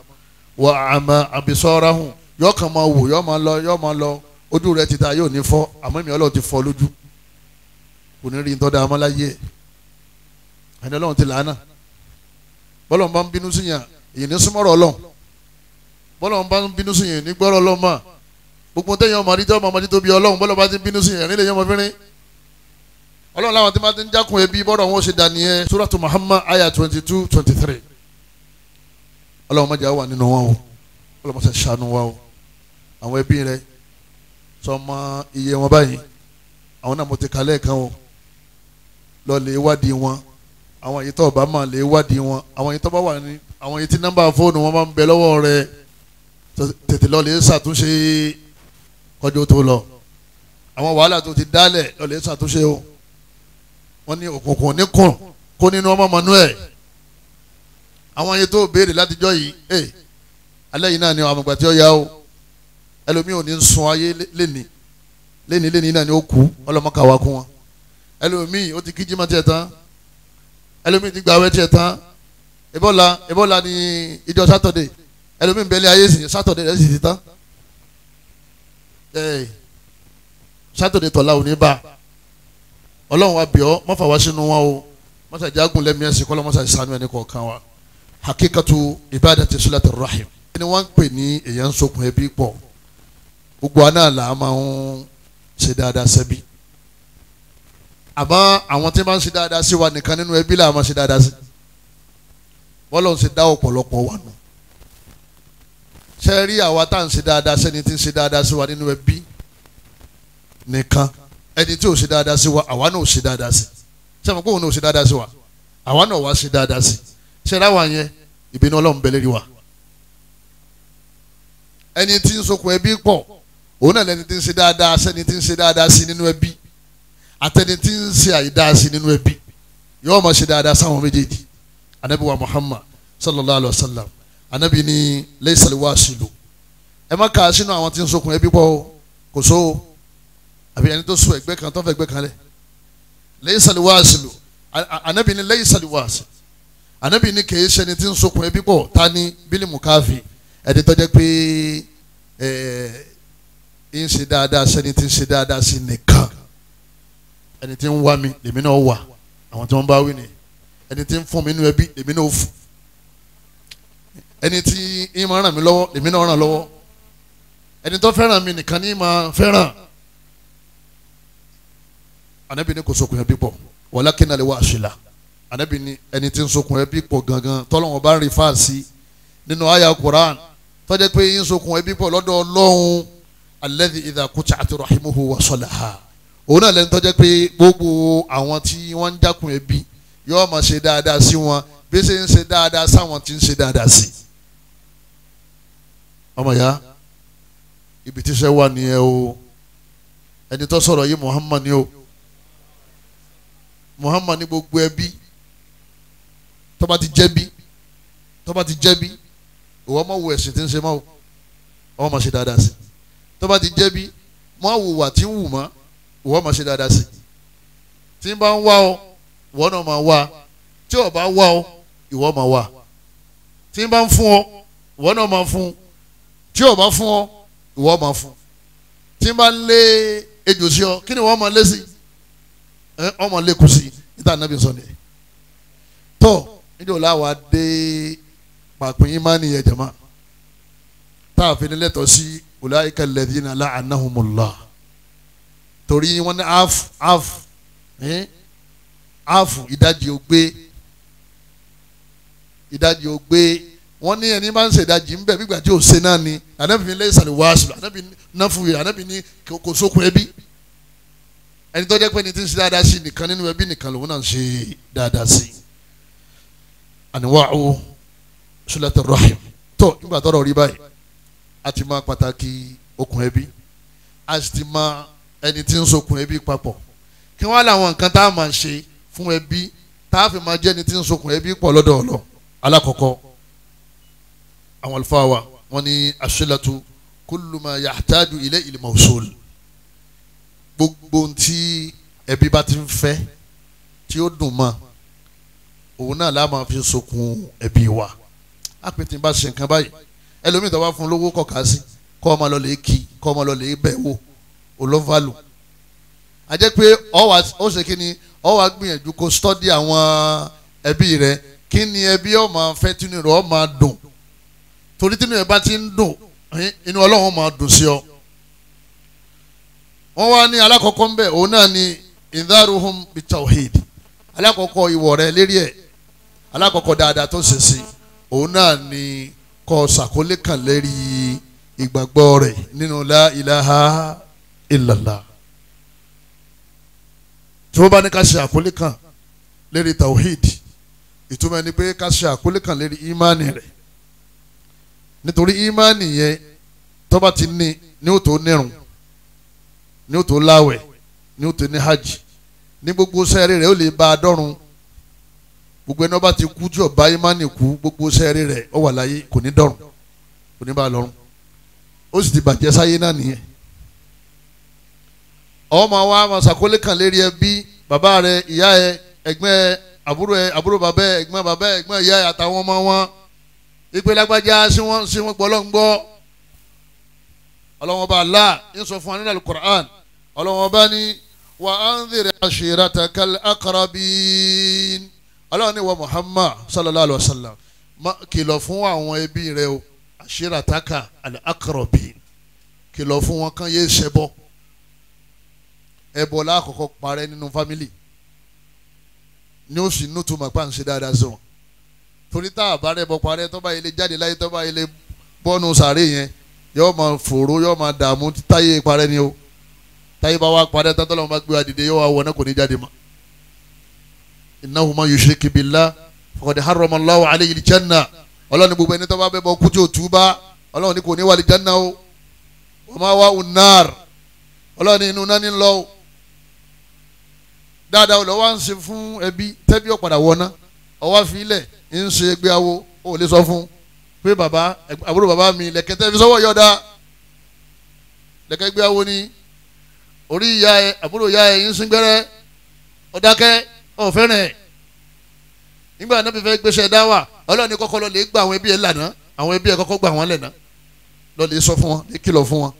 wà àmà àbísọ́ra hùn yọ kàn máa wò yọ máa lọ yọ máa lọ ojú rẹ ti ta yóò ní fọ́ àmọ́ èmi ọlọ́run ti fọ́ lójú kò ní rí ní tọ́da amáláyé ẹni ọlọ́run ti làánà bọ́lọ̀ bá ń bínú sí yàn èyí ní súnmọ́rọ̀ ọlọ́run bọ́lọ̀ bá ń bínú sí yàn ní gbọ́rọ̀ ọlọ́run mà gbogbo téèyàn ọmọ àdìjọ́ ọmọ àdìjọ́ bí ọlọ́run bọ́lọ̀ bá ti bínú sí yàn nílẹ̀ yẹn ọmọ ọlọ́run láwọn tí máa ti ń jákun ẹbí bọ́rọ̀ wọn ṣe dà nìyẹn suratu Muhammad aya twenty two twenty three ọlọ́run má jà wà nínú wọn o ọlọ́run má ṣe ṣàánú wa o àwọn ẹbí rẹ̀ sọmọ iye wọn báyìí àwọn náà mo ti kalẹ̀ kan o lọ lè wádìí wọn àwọn èyí tó bá mà lè wádìí wọn àwọn èyí tó bá wà ní àwọn èyí tí nọ́mbà fóònù wọn máa ń bẹ lọ́wọ́ rẹ tètè lọ lè ṣàtúnṣe kọjú tó lọ àwọn wàhálà tó ti dálẹ̀ lọ lè ṣàtúnṣe o wọn ní òkùnkùn níkùn kó nínú ọmọ manuel àwọn èyí tó béèrè látijọ́ yìí ẹ eh, alẹ́ yìí náà ni àwọn àgbàtí ọ̀ yá o ẹlòmíì ò ní sun ayé lẹ́ni lẹ́ni lẹ́ni náà ni ó kú ọlọ́mọkàwá kún wọn ẹlòmíì ó ti kí jimá tiẹ̀ tán ẹlòmíì ti gbàwé tiẹ̀ tán ebola ebola ni ìjọ sátọ̀dé ẹlòmíì bẹ́ẹ̀ lé ayé sìn sátọ̀dé rẹ̀ sì ti tán sátọ̀dé tọ̀la ò ní bá ọlọ́run wa bìọ́ mọ́fà wá sínú wọn o mọ́sá jágùn lẹ́mìí ẹ̀sìn kọ́lọ́ mọ́sá ìsánú ẹni kọ̀ọ̀kan wa hakikatu ibadati silati rahim. ẹni wọ́n ń pè ní èèyàn ń sokùn ẹbí pọ̀ gbogbo àná là á máa ń ṣe dáadáa sẹ́bí àmọ́ àwọn tí wọ́n ń ṣe dáadáa sí wa nìkan nínú ẹbí là á máa ṣe dáadáa sí bọ́lá ń ṣe dá ọ̀pọ̀lọpọ̀ wà nù ṣe rí àwa tá à ń ṣe dáadáa sẹ́ni tí ń ṣe dáadáa sí wa nínú ẹbí nìkan ẹni tí ò ṣe dáadáa sí wa àwa náà ò ṣe dáadáa sí sẹ́mi kóhùn náà ò ṣe dáadáa sí wa àwa náà wá ṣe dáadáa sí ṣe ráwa yẹn ìbínú ọlọ́run bẹ́lẹ́ rí wa ẹni tí ń sokùn ẹbí pọ̀ òun náà lẹni tí ń ṣe dáadáa sẹni tí ń ṣe dáadáa sí nínú ẹbí àtẹni tí ń ṣe àìdáa sí nínú ẹbí yóò máa ṣe dáadáa sáwọn méjèèjì anabi wa muhammad sallallahu alayhi wa sallam anabi ni laysal wasilu ẹ má kàá sínú àwọn tí ń sokùn ẹbí pọ̀ kò so àbí ẹni tó so ẹgbẹ́ kan tó fẹ́ ẹgbẹ́ kan lẹ̀ laysal wasilu anabi ni laysal wasilu anabi ni kèé sẹni tí ń sokùn ẹbí pọ̀ ta bílímù káfí ẹni tó jẹ́ pé ẹ̀ẹ́. Eh, ń ṣe dáadáa sẹ́ni tí ń ṣe dáadáa sí nìkan ẹni tí ń wá mi lèmi náà wà àwọn tí wọ́n bá wí ni ẹni tí ń fún mi nínú ẹbí lèmi náà fún ẹni tí ń máa ràn mí lọ́wọ́ lèmi náà ràn lọ́wọ́ ẹni tó fẹ́ràn mi nìkan ní máa fẹ́ràn ànábì ní kò sokùn ẹbí pọ̀ walakin al-wasila ànábì ní ẹni tí ń sokùn ẹbí pọ̀ gangan tọ́lọ́wọ́n bá ń rí fáàsì nínú àyà Qur'an tọ́jú pé ń sokùn ẹbí pọ̀ lọ́dọ̀ Ọlọ́run alladhi idha qut'at rahimuhu wa salaha òun náà lẹ́nu tó jẹ́ pé gbogbo àwọn tí wọ́n ń dákun ẹbí yóò máa ṣe dáadáa sí wọn bí ṣe ń ṣe dáadáa sáwọn tí ń ṣe dáadáa sí. ọmọ ya ibi tíṣẹ́ wà nìyẹn o ẹni tó sọ̀rọ̀ yìí Muhammad ni o Muhammad ni gbogbo ẹbí tó bá ti jẹ́bi tó bá ti jẹ́bi òwò ọmọ wo ẹ̀sìn tí ń ṣe mọ́ ọmọ ṣe dáadáa sí tó bá ti jẹ́ bí mọ́ àwùwà tí ń wù mọ́ ìwọ máa ṣe dáadáa sí i tí ń bá ń wá ọ ìwọ náà máa wá tí ò bá wá ọ ìwọ máa wá tí ń bá ń fún ọ ìwọ náà máa fún tí ò bá fún ọ ìwọ máa fún tí ń bá ń lé ejò sí ọ kí ni ìwọ máa lé sí ọmọ lé kù sí níta nàbí sọ ni tó níjọ́ làwọn adé pàpín imáni yẹn tá a fi ní lẹ́tọ̀ọ́ sí ulaika alladhina la'anahumullah torí wọ́n ní af af eh, af ìdajì ògbé ìdajì ògbé wọ́n ní ẹni máa ń ṣèdajì ń bẹ̀ nígbà tí ò ṣe náà ni ànábì ní lẹ́yìn sàlẹ̀ wàásù ànábì náfùwì ànábì ní kò sókun ẹbí ẹni tó jẹ́ pé ní ti ń ṣe dáadáa sí nìkan nínú ẹbí nìkan lòun náà ń ṣe dáadáa sí àníwá o rahim tó nígbà tọrọ rí báyìí a ti mọ pàtàkì okùn ẹbí a sì ti mọ ẹni tí ń sokùn ẹbí papọ̀ kí wọ́n láwọn nǹkan tá a máa ṣe fún ẹbí tá a fi máa jẹ́ ẹni tí ń sokùn ẹbí pọ̀ lọ́dọ̀ ọ̀lọ́ alákọ̀ọ́kọ́ àwọn àlùfáà wa wọ́n ní aṣílẹ̀tù kullu ma yahtaju ilé al-mawsul gbogbo tí ẹbí bá ti ń fẹ́ tí ó dùn mọ́ òun náà la máa fi sokùn ẹbí wa apẹ̀tẹ̀ bá ṣe nǹkan báyìí ẹlòmíì tó bá fún lówó kọ̀ọ̀ká sí kọ́ ọmọ lọ lè kí kọ ọmọ lọ lè bẹ̀ wò olóvalù àjẹ́ pé ọ̀wà ó ṣe kí ni ọ̀wà gbìyànjú kó stọ́dí àwọn ẹbí rẹ kí ni ẹbí ọmọ fẹ tínú rẹ ọmọ dùn torí tínú rẹ bá ti ń dùn inú ọlọ́run máa dùn sí ọ wọ́n wá ní alákọ̀ọ́kọ́ mbẹ òun náà ni ìdáruhum bitawhid alákọ̀ọ́kọ́ rẹ lérí ẹ̀ alákọ̀ọ́kọ́ dáadáa tó ṣe sí òun náà kọ́ sàkólé kan lérí ìgbàgbọ́ rẹ̀ nínú la ilaha illallah tí wọ́n bá ní ká ṣe àkólé kan lérí tawhid ìtumọ̀ ni pé ká ṣe àkólé kan lérí ìmánì rẹ̀ nítorí ìmánì yẹn tó ti ní ní ó nírun ní ó láwẹ̀ ní ó ní hajj ní gbogbo sẹ́ẹ̀rì rẹ̀ ó lè bá a dọ́run gbogbo ẹni ọba ti kú tí ọba imani kú gbogbo sẹ́ẹ̀rì rẹ̀ ọ wà láyé kò ní dọ̀rùn kò ní bá lọ́rùn ó sì ti bàjẹ́ sáyé náà nìyẹn ọmọ wa máa ṣàkólé kan lérí ẹbí bàbá rẹ ìyá ẹ ẹgbẹ́ àbúrò ẹ àbúrò bàbá ẹ ẹgbẹ́ bàbá ẹ ẹgbẹ́ ìyá ẹ àtàwọn ọmọ wọn ìpè lágbájá sí wọn sí wọn gbọ́ lọ́ngbọ́ ọlọ́wọ́n bá la ń ọlọ́run ní wọ Muhammad sallallahu alayhi wa sallam kìlọ̀ fún àwọn ẹbí rẹ o àṣírataka al-aqrabi kìlọ̀ fún wọn kan yéé ṣẹbọ ẹbọ lákọ̀ọ́kọ́ parẹ́ nínú fámìlì ni ó sì nútùmọ̀ pa à ń ṣe dáadáa sí wọn torí tá a bá rẹ́bọ parẹ́ tó bá ilé jáde láyé tó bá ilé bọ́nu sàárè yẹn yóò máa fòró yóò máa dààmú táyé parẹ́ ni o táyé bá wá parẹ́ tátọ́lọ́mọ bá gbé wa dìde yóò wá wọ náà kò ní jáde mọ́ innahu man yushrik billah faqad harrama Allahu alayhi al-janna ọlọ́run ní gbogbo ẹni tó bá bẹ́ bọ́ kújò túbá ọlọ́run ní kò ní wà al-janna o wa ma'wahu an-nar ọlọ́run ní inú náà ní lọ́wọ́ dáadáa ọ̀lọ́ wa ń ṣe fún ẹbí tẹ́bí ọ̀padà wọná ọwọ́ fi ilẹ̀ ń ṣe gbéyàwó ó lè sọ fún pé mi lẹ̀kẹ́ tẹ́bí sọ́wọ́ yọ̀dá lẹ̀kẹ́ gbéyàwó ni orí ìyá ẹ àbúrò ìyá ẹ ń sún gbẹ́rẹ́ ọ̀fẹ́ràn ẹ̀ nígbà náà fífẹ́ gbéṣẹ́ wa ọlọ́run ní kọ́kọ́ lọ lè gba àwọn ẹbí ẹ̀ lànà àwọn ẹbí ẹ̀ kọ́kọ́ gba àwọn lẹ̀ náà lọ lè sọ fún wọn lè kìlọ̀ fún wọn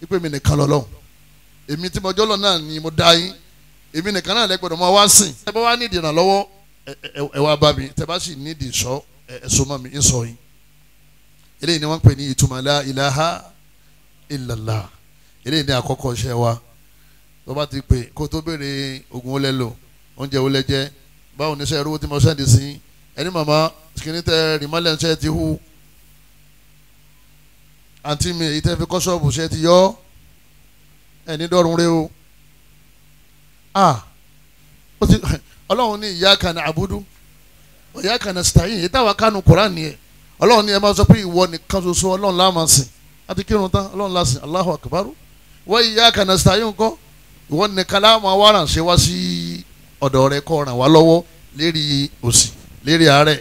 wípé mi nìkan lọ lọ́hùn èmi tí mo jọ́lọ̀ náà ni mo dá yín èmi nìkan náà lẹ gbọ́dọ̀ wá sìn ẹ bá wá nídìí ìrànlọ́wọ́ ẹ wá bá mi tẹ bá sì nídìí sọ ẹ so mọ́ mi ń sọ yín eléyìí ni wọ́n pè ní ìtumọ̀ la ilaha illallah eléyìí ni àkọ́kọ́ ṣẹ́ wa tó bá ti pè kó tó béèrè ogun ó lò oúnjẹ wo lẹ jẹ báwo ní sẹ́yìn owó tí mo sẹ́ndì sí ẹni màmá kìíní tẹ rìmọ́lẹ̀ ṣe ti hu àǹtí mi èyí tẹ́ fi kọ́ ṣọ́ọ̀bù ṣe ti yọ ẹni dọ́rùn rẹ o ah ọlọ́run ní ìyá kan àbúdú ìyá kan sitayin èyí táwa kánú koran ni ẹ ọlọ́run ní ẹ máa sọ pé ìwọ nìkan ṣoṣo ọlọ́run láàmà sìn àti kírun tán ọlọ́run lásìn Allahu akbaru wọ́n ìyá kan sitayin kọ́ ìwọ nìkan láàmà wàrà wá sí i ọ̀dọ̀ rẹ kó ràn wá lọ́wọ́ lérí òṣì lérí àárẹ̀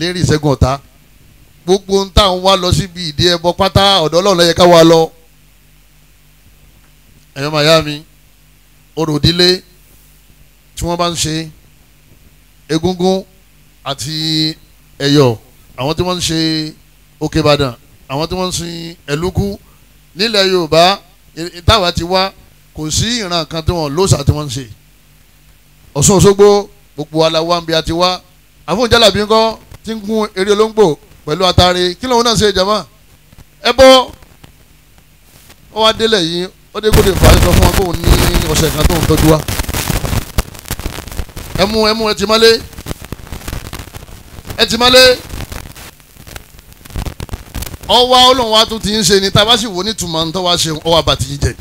lérí ìṣẹ́gun ọ̀tá gbogbo ń tà ń wá lọ síbi ìdí ẹbọ pátá ọ̀dọ̀ ọlọ́run ló yẹ ká wá lọ. ẹ̀yọ́ màyá mi orò ìdílé tí wọ́n bá ń ṣe egúngún àti ẹ̀yọ̀ àwọn tí wọ́n ń ṣe òkè ìbàdàn àwọn tí wọ́n ń sin ẹ̀lúkú nílẹ̀ yorùbá táwa ti wá kò sí ìran kan tí wọ́n lóṣà tí wọ́n ń ṣe. Ọ̀ṣun Òṣogbo gbogbo aláwa ń bi àti wá àfọ̀n jálàbí ńkọ́ ti ń gun eré olóńgbò pẹ̀lú atare kí lóun náà ṣe jama ẹ bọ́ ọ wá délẹ̀ yìí ó dé gbọ́dọ̀ fà á sọ fún wa kóun ní ọ̀sẹ̀ kan tóun tọ́jú wa ẹ mú ẹ mú ẹ ti má lé ẹ ti má lé ọwọ́ ọlọ́run wa tún ti ń ṣe ni tá a bá sì wò ní tùmọ̀ ní tó wá ṣe ọwọ́ àbàtì yìí jẹ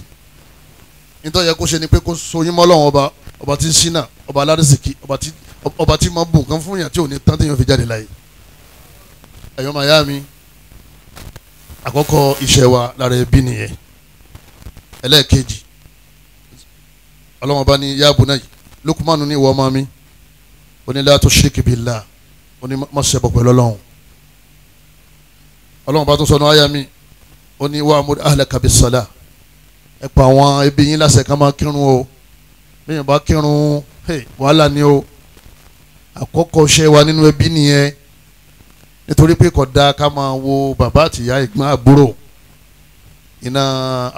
ní tó yẹ kó ṣe ni pé kó so yín mọ́ ọlọ́run ọba ọba tí ń ṣínà ọba aládìsíkì ọba tí máa bù kan fún yàn tí ò ní tán tí yàn fi jáde láyé ẹ̀yọ́ máa yá mi àkọ́kọ́ iṣẹ́ wa lára ẹbí nìyẹn ẹlẹ́ẹ̀kejì ọlọ́wọ́n bá ní yá abúná yìí lukumanu ní ìwọ ọmọ mi onílẹ̀ àtọ́ ṣíríkì bíi là oní pẹ̀lú ọlọ́run ọlọ́wọ́n bá sọnù àyà mi oní wàhámúdù àwọn ẹbí yín láṣẹ ká máa kírun o bẹ́ẹ̀ bá kírun wàhálà ni o àkọ́kọ́ ṣe wa nínú ẹbí nìyẹn nítorí pé kò dáa ká máa wo bàbá àtìyá ìgbọ́n àbúrò iná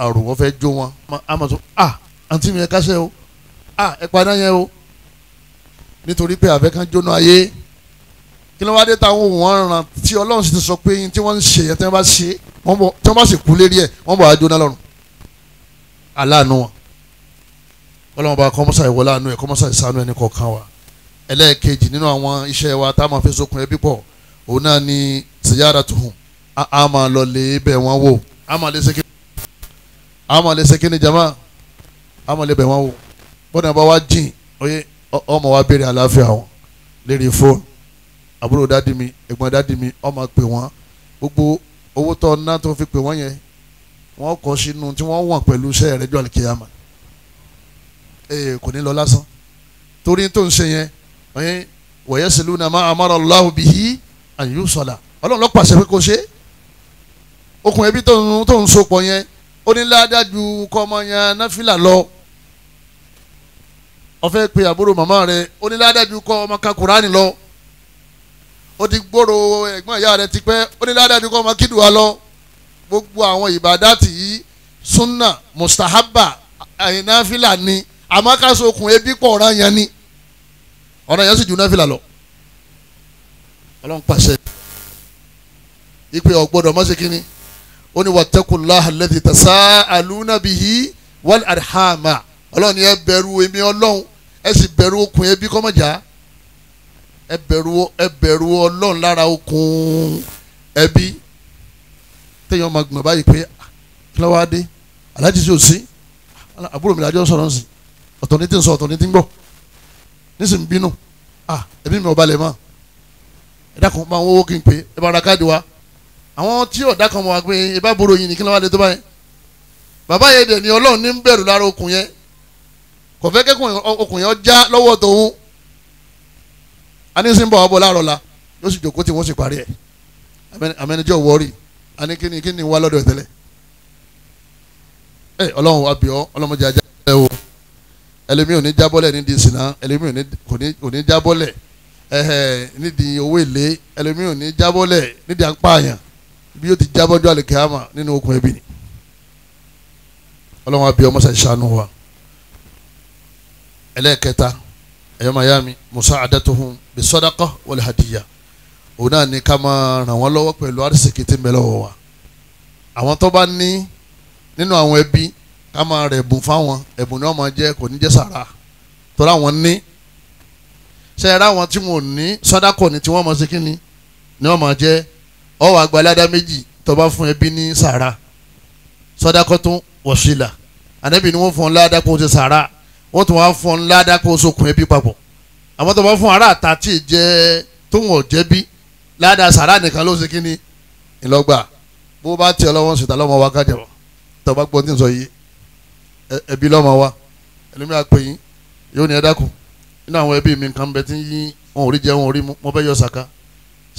àrùn fẹ́ jó wọn a máa sọ ah àǹtí mi yẹn kásẹ̀ o ah ẹ padà yẹn o nítorí pé àfẹ́ kan jóná ayé kí ló wá dé táwọn òun wọn ràn tí ọlọ́run sì ti sọ pé yín tí wọ́n ń ṣe yẹn tí wọ́n bá ṣe tí wọ́n bá sì kú lérí ẹ̀ wọ́n bọ̀ á jóná lọ́rùn aláàánú wọn ọlọ́run bá kọ́mọ́sà ìwọlá àánú ẹ̀ kọ́mọ́sà ìsànú ẹni kọ̀ọ̀kan wa ẹlẹ́ẹ̀kejì nínú àwọn iṣẹ́ wa tá a máa fi sokùn ẹbí pọ̀ òun náà ni tìyára tuhùn a máa lọ lè bẹ̀ wọ́n wò a máa lè sekí a máa lè sekí ni jama a máa lè bẹ̀ wọ́n wò bọ́dà bá wá jìn oyè ọmọ wa béèrè àlàáfíà wọn lérí fóònù àbúrò dádì mi ẹ̀gbọ́n dádì mi ọmọ pè wọ́n gbogbo owó tó ná tó fi pè wọ́n yẹn wọ́n kọ́ sínú tí wọ́n wọ̀n pẹ̀lú iṣẹ́ rẹ̀ Eh, kò ní lọ lásán torí tó ń ṣe yẹn wọ̀nyẹ́ sẹ́lú náà máa amara Allahu bihi an yusala ọlọ́run ló pàṣẹ pé kò ṣe okùn ẹbí tó ń so pọ̀ yẹn ó ní ládájú kọ́mọ yẹn náfìlà lọ ọfẹ́ pe àbúrò màmá rẹ ó ní ládájú kọ́ ọmọ ka Kùránì lọ ó ti gbòòrò ẹ̀gbọ́n ìyá rẹ ti pẹ́ ó ní ládájú kọ́ ọmọ kídùá lọ gbogbo àwọn ìbádàtì yìí sunna mustahaba àyìnáfìlà ni àmọ́ ká sokùn ebi pọ̀ ọ̀ràn yẹn ni ọ̀ràn yẹn sì ju náfìlà lọ ọlọ́run pàṣẹ ìpè ọ̀gbọ́dọ̀ mọ́ sí kínní ó ní wattaqullaha alladhi tasaaluna bihi wal arhama ọlọ́run ni ẹ bẹ̀rù èmi ọlọ́run ẹ sì bẹ̀rù okùn ebi kọ́mọ̀já ẹ bẹ̀rù ẹ bẹ̀rù ọlọ́run lára okùn ẹbí téèyàn máa gbọ̀n báyìí pé ah, kí ló wá aláàjì sí òsín àbúrò mi làjọ sọ̀rọ̀ nsìn ọ̀tọ̀ ní ti ń sọ ọ̀tọ̀ ní ti ń gbọ́ nísìnyí bínú ah ẹbí mi ò balẹ̀ mọ́ ẹ dákun bá wọn owó kí n pè é bá ra káàdì wa àwọn tí ò dákan mọ̀ pé ẹ boro yìí ní kí ló wá lè tó báyẹn bàbá yẹn dẹ̀ ni ọlọ́run ní ń bẹ̀rù lára okùn yẹn kò fẹ́ kẹ́kùn okùn yẹn já lọ́wọ́ tòun anísìn bọ̀ wá bọ̀ láàrọ̀ la yóò sì jòkó tí wọ́n sì parí ẹ̀ amẹnijẹ́ wọ́ọ̀rì ani kí ni kí ni wá lọ́dọ̀ tẹ́lẹ̀ ẹ ọlọ́run wa bì ọ́ ọlọ́mọdé ajá ẹ o ẹlòmíì ò ní jábọ́lẹ̀ nídìí ìsìná ẹlòmíì ò ní jábọ́lẹ̀ nídìí owó èlé ẹlòmíì ò ní jábọ́lẹ̀ nídìí apáàyàn bí ó ti jábọ́jọ́ àlìkàmà nínú okùn ẹbí ni ọlọ́run àbí ọmọ ṣàṣàánú wa ẹlẹ́ẹ̀kẹta ẹ̀yọ́ mayami musa adatuhun bi sadaqa wal hadiya òun náà ní ká máa ràn wọ́n lọ́wọ́ pẹ̀lú arísìkì tí ń wa àwọn tó bá ní nínú àwọn ẹbí ká máa rẹ̀ ẹ̀bùn fáwọn ẹ̀bùn ni wọ́n máa jẹ́ kò ní jẹ́ sàrà torí àwọn ní ṣe ẹ̀rọ àwọn tí wọn ò ní sọ́dákọ̀ ni tí wọ́n máa ṣe kí ni ni wọ́n máa jẹ́ ọwọ́ àgbàládá méjì tó bá fún ẹbí ní sàrà sọ́dákọ̀ tún wọ̀ṣìlà ànábì ni wọ́n fún ọ ládàá kó o ṣe sàrà wọ́n tún wá fún ọ ládàá kó o sokùn ẹbí papọ̀ àmọ́ tó bá fún ará àta jẹ́ tó wọ̀n jẹ́ bí ládàá sàrà nìkan ló ṣe kí ni ìlọgbà bó bá tiẹ̀ lọ́wọ́ ń ṣètà lọ́mọ wákàjẹ́ tó bá gbọ́ ní sọ yìí ẹbí lọ́mọ wa ẹlẹ́mi àpè yín yóò ní ẹ dákun nínú àwọn ẹbí mi nǹkan bẹ tí ń yí wọn ò rí jẹ wọn ò rí mu mo fẹ́ yọ sàká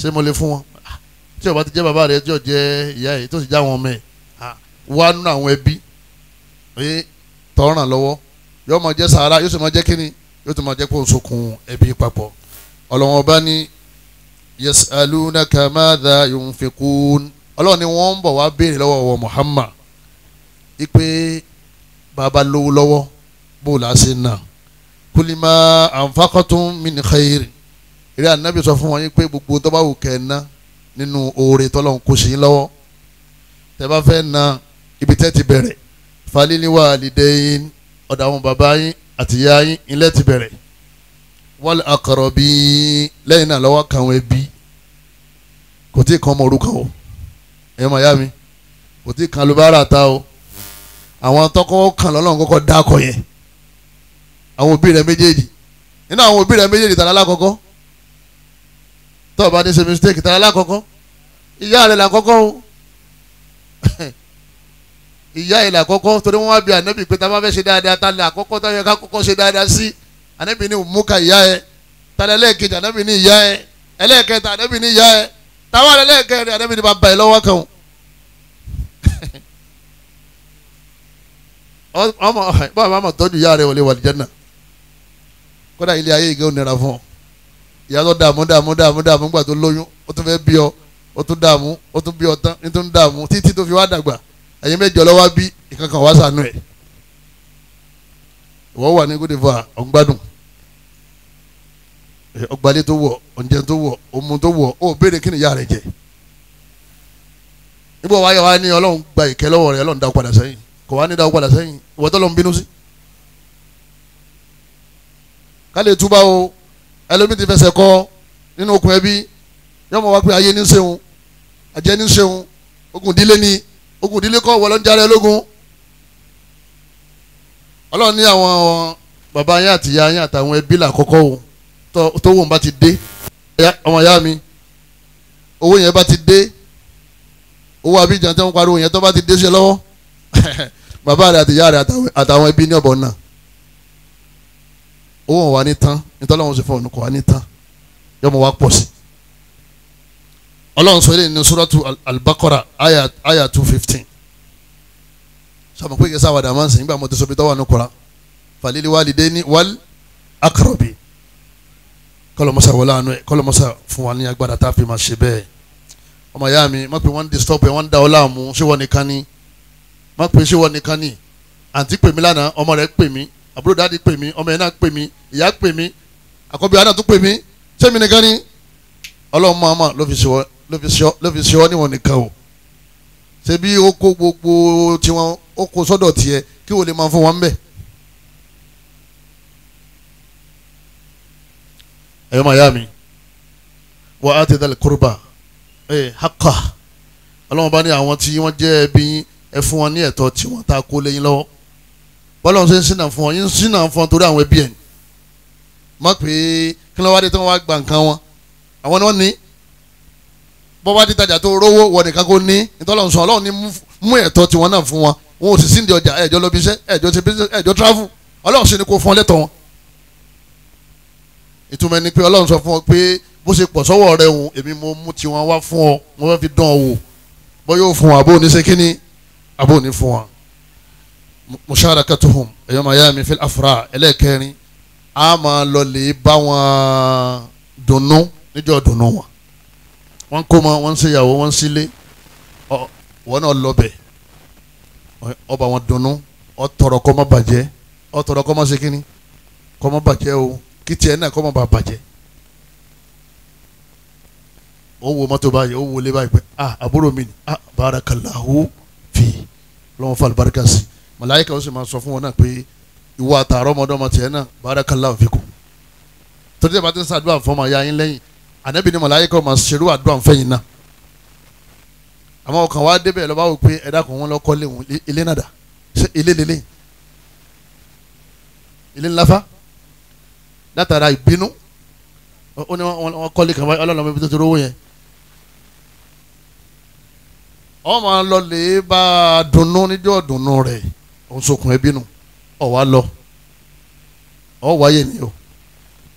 ṣé mo lè fún wọn ah, tí ó bá ti jẹ́ bàbá rẹ tí ó jẹ́ ìyá yìí tó sì já wọn mẹ́ ah, wá nínú àwọn ẹbí tọ́ràn lọ́wọ́ yóò máa jẹ́ sàárà yóò sì máa jẹ́ kínní yóò tún máa jẹ́ kó sokùn ẹbí papọ̀ ọlọ́wọ́n bá ní yasalunaka madha yunfikun ọlọ́wọ́n ni wọ́n ń bọ̀ wá béèrè lọ́wọ́ wọ Muhammad ipe bàbá lówó lọ́wọ́ bó la ṣe nà kulima anfaqatum min khayri eré anabi sọ fún wọn yín pé gbogbo tó bá wù kẹ́ ẹ̀ ná nínú oore tọ́lọ́hún kò sí yín lọ́wọ́ tẹ́ bá fẹ́ na ibi tẹ́ ti bẹ̀rẹ̀ falili walidayn ọ̀dọ̀ àwọn bàbá yín àti ìyá yín ilẹ̀ ti bẹ̀rẹ̀ wal aqrabin lẹ́yìn náà lọ́wọ́ kàwọn ẹbí kò tí ì kan ọmọ òrukàn o ẹ̀yọ́ màyá mi kò tí ì kan lubára ta o àwọn tọkọ kan lọ́lọ́run kọ́kọ́ dákọ̀ yẹn àwọn òbí rẹ méjèèjì nínú àwọn òbí rẹ méjèèjì tàlá lákọ̀ọ́kọ́ tó o bá ní ṣe mistake tàlá lákọ̀ọ́kọ́ ìyá rẹ làkọ́kọ́ o ìyá rẹ làkọ́kọ́ torí wọ́n wá bí ànábì pé tá a bá fẹ́ ṣe dáadáa tá a lè àkọ́kọ́ tá a yẹ ká kọ́kọ́ ṣe dáadáa sí ànábì ní òmùka ìyá ẹ tàlẹ́ ẹlẹ́ẹ̀kejì ànábì ní ìyá ẹ ẹlẹ́ẹ̀kẹta ànábì ní ìyá ẹ táwọn ẹlẹ́ẹ̀kẹrin ànábì ní bàbá ẹ lọ́wọ́ kan o ọmọ báwa máa tọ́jú ìyá rẹ̀ wọlé wàlìjẹ́ náà kódà ilé ayé ìgé ònira fún ọ ìyá tó dààmú dààmú dààmú dààmú gbà tó lóyún ó tún fẹ́ bí ọ ó tún dààmú ó tún bí ọ tán ní tó ń dààmú títí tó fi wá dàgbà ẹ̀yin mẹ́jọ lọ́wọ́ bí ìkankan wá sànú ẹ̀ ìwọ wà ní gòdè fún wa ọ̀ngbádùn ọgbàlẹ̀ tó wọ̀ oúnjẹ tó wọ̀ omu tó wọ̀ ó béèrè kí ni ìyá rẹ̀ jẹ níbo wáyà wá ní ọlọ́run gba ìkẹ́ lọ́wọ́ rẹ̀ ọlọ́run dá padà sẹ́yìn kò wá ní dáwọ́ padà sẹ́yìn ìwọ́ tọ́lọ́ ń bínú sí. ká lè túbà o ẹlòmíì ti fẹsẹ̀ kọ nínú okùn ẹbí yọmọ wá pé ayé ní sẹ́wọ̀n ajẹ́ ní sẹ́wọ̀n ogun ìdílé ni ogun ìdílé kọ́ wọlé ń jára lógun. ọlọ́run ní àwọn bàbá yín àti ìyá yín àtàwọn ẹbí là kọ́kọ́ o tó wò ń bá ti dé ọmọ ìyá mi owó yẹn bá ti dé owó abijan tó ń pariwo yẹn tó bá ti dé sí ẹ lọ́wọ́ bàbá rẹ àti ìyá rẹ àtàwọn ẹbí ní ọ̀bọ̀n náà owó wọn wà ní tán nítorí wọn sì fún ọ̀nùkọ̀ wà ní tán yọmọ wa pọ̀ sí. ọlọ́run sọ eléyìí ní suratu al-Baqara aya two fifteen sọmọ pé kẹsà wàdà máa ń sìn nígbà mo ti sọ bí tọ́wọ́ ànú kura falili walidaini wal aqrabi kọlọmọsà wọlé àánú ẹ kọlọmọsà fún wa ní agbára tá a fi máa ṣe bẹ́ẹ̀ ọmọ ìyá mi má pé wọ́n ń disturb ẹ wọ́n ń da ọ láàmú ṣé wọ́n nìkan ni. Kani, má pè ṣé wọn nìkan ni àǹtí pè mí lánàá ọmọ rẹ̀ pè mí àbúrò dáàdi pè mí ọmọ yẹn náà pè mí ìyá pè mí àkọ́bí àná tó pè mí ṣé mi nìkan ni ọlọ́run máa ma ló fi ṣe ọ́ níwọ̀n nìkan o ṣe bí ó kó gbogbo tiwọn ó kó sọ́dọ̀ tiẹ̀ kí wò lè máa fún wọn bẹ́ẹ̀. ẹ̀yọ́ màá yá mi wà á ti dàlẹ́ kúrúbà ẹ̀ hákà ọlọ́run ní àwọn tí wọ́n jẹ́ ẹbí yín ẹ fún wọn ní ẹ̀tọ́ tí wọ́n ta kó lẹ́yìn lọ́wọ́ bọ́lá ṣe ń sínà fún ọ yín sínà fún ọ torí àwọn ẹbí ẹ̀ mọ̀ pé kí ló wá dé tí wọ́n wá gba nǹkan wọn àwọn ni wọ́n ní bọ́ bá dítajà tó rówó wọ nìkan kó ní ìtọ́lọ̀ ń sọ ọlọ́run ní mú ẹ̀tọ́ tiwọn náà fún wọn wọn ò sì sí ní ọjà ẹ̀jọ́ lọ́bi iṣẹ́ ẹ̀jọ́ ti business ẹ̀jọ́ travel ọlọ́run sì ni kó fún ọ lẹ́tọ̀ wọn. ìtumọ̀ ẹni pé ọlọ́run sọ fún ọ pé bó ṣe pọ̀ sọ́wọ́ rẹ̀ òun èmi mo mú tiwọn wá fún ọ mo fẹ́ fi dán ọ wò bọ́ yóò fún ọ àbó oníṣe kínní abó ní fún wa musharakatuhum ẹ̀yọ́ máa yá mi fil afra ẹlẹ́ẹ̀kẹrin a máa lọ lè bá wọn dùnnú níjọ́ dùnnú wọn wọn kó ma wọn ṣèyàwó wọn sílé wọn náà lọ bẹ̀ ó bá wọn dùnnú ó tọrọ kó má bàjẹ́ ó tọrọ kó má ṣe kínní o kí tiẹ̀ náà kó bà bàjẹ́ ó wo mọ́tò báyìí ó wo ilé báyìí pé ah àbúrò mi ni ah barakallahu fi lọ́wọ́ fún alibarika sí màláyíkà ó sì máa sọ fún wọn náà pé ìwọ àtàrọ ọmọdọ́mọ tiẹ̀ náà barakallahu fikum torí ẹ̀ bá ti ń sàdúrà fún ọmọ ya yín lẹ́yìn ànábì ni màláyíkà o máa ṣerú àdúrà fún yín náà àmọ́ ọkàn wa débẹ̀ lọ́ba wò pé ẹ̀dá kan wọn lọ kọ́ léwu ilé nàdà ṣe ilé lélẹ̀ ilé ńláfa látara ìbínú ó ní wọn kọ́lé kan báyìí ọlọ́run mi tó ti rówó yẹn ọ máa lọ lè bá a dunnú níjọ́ dunnú rẹ̀ òun sokùn ẹbí nu ọ wá lọ ọ wáyé ni o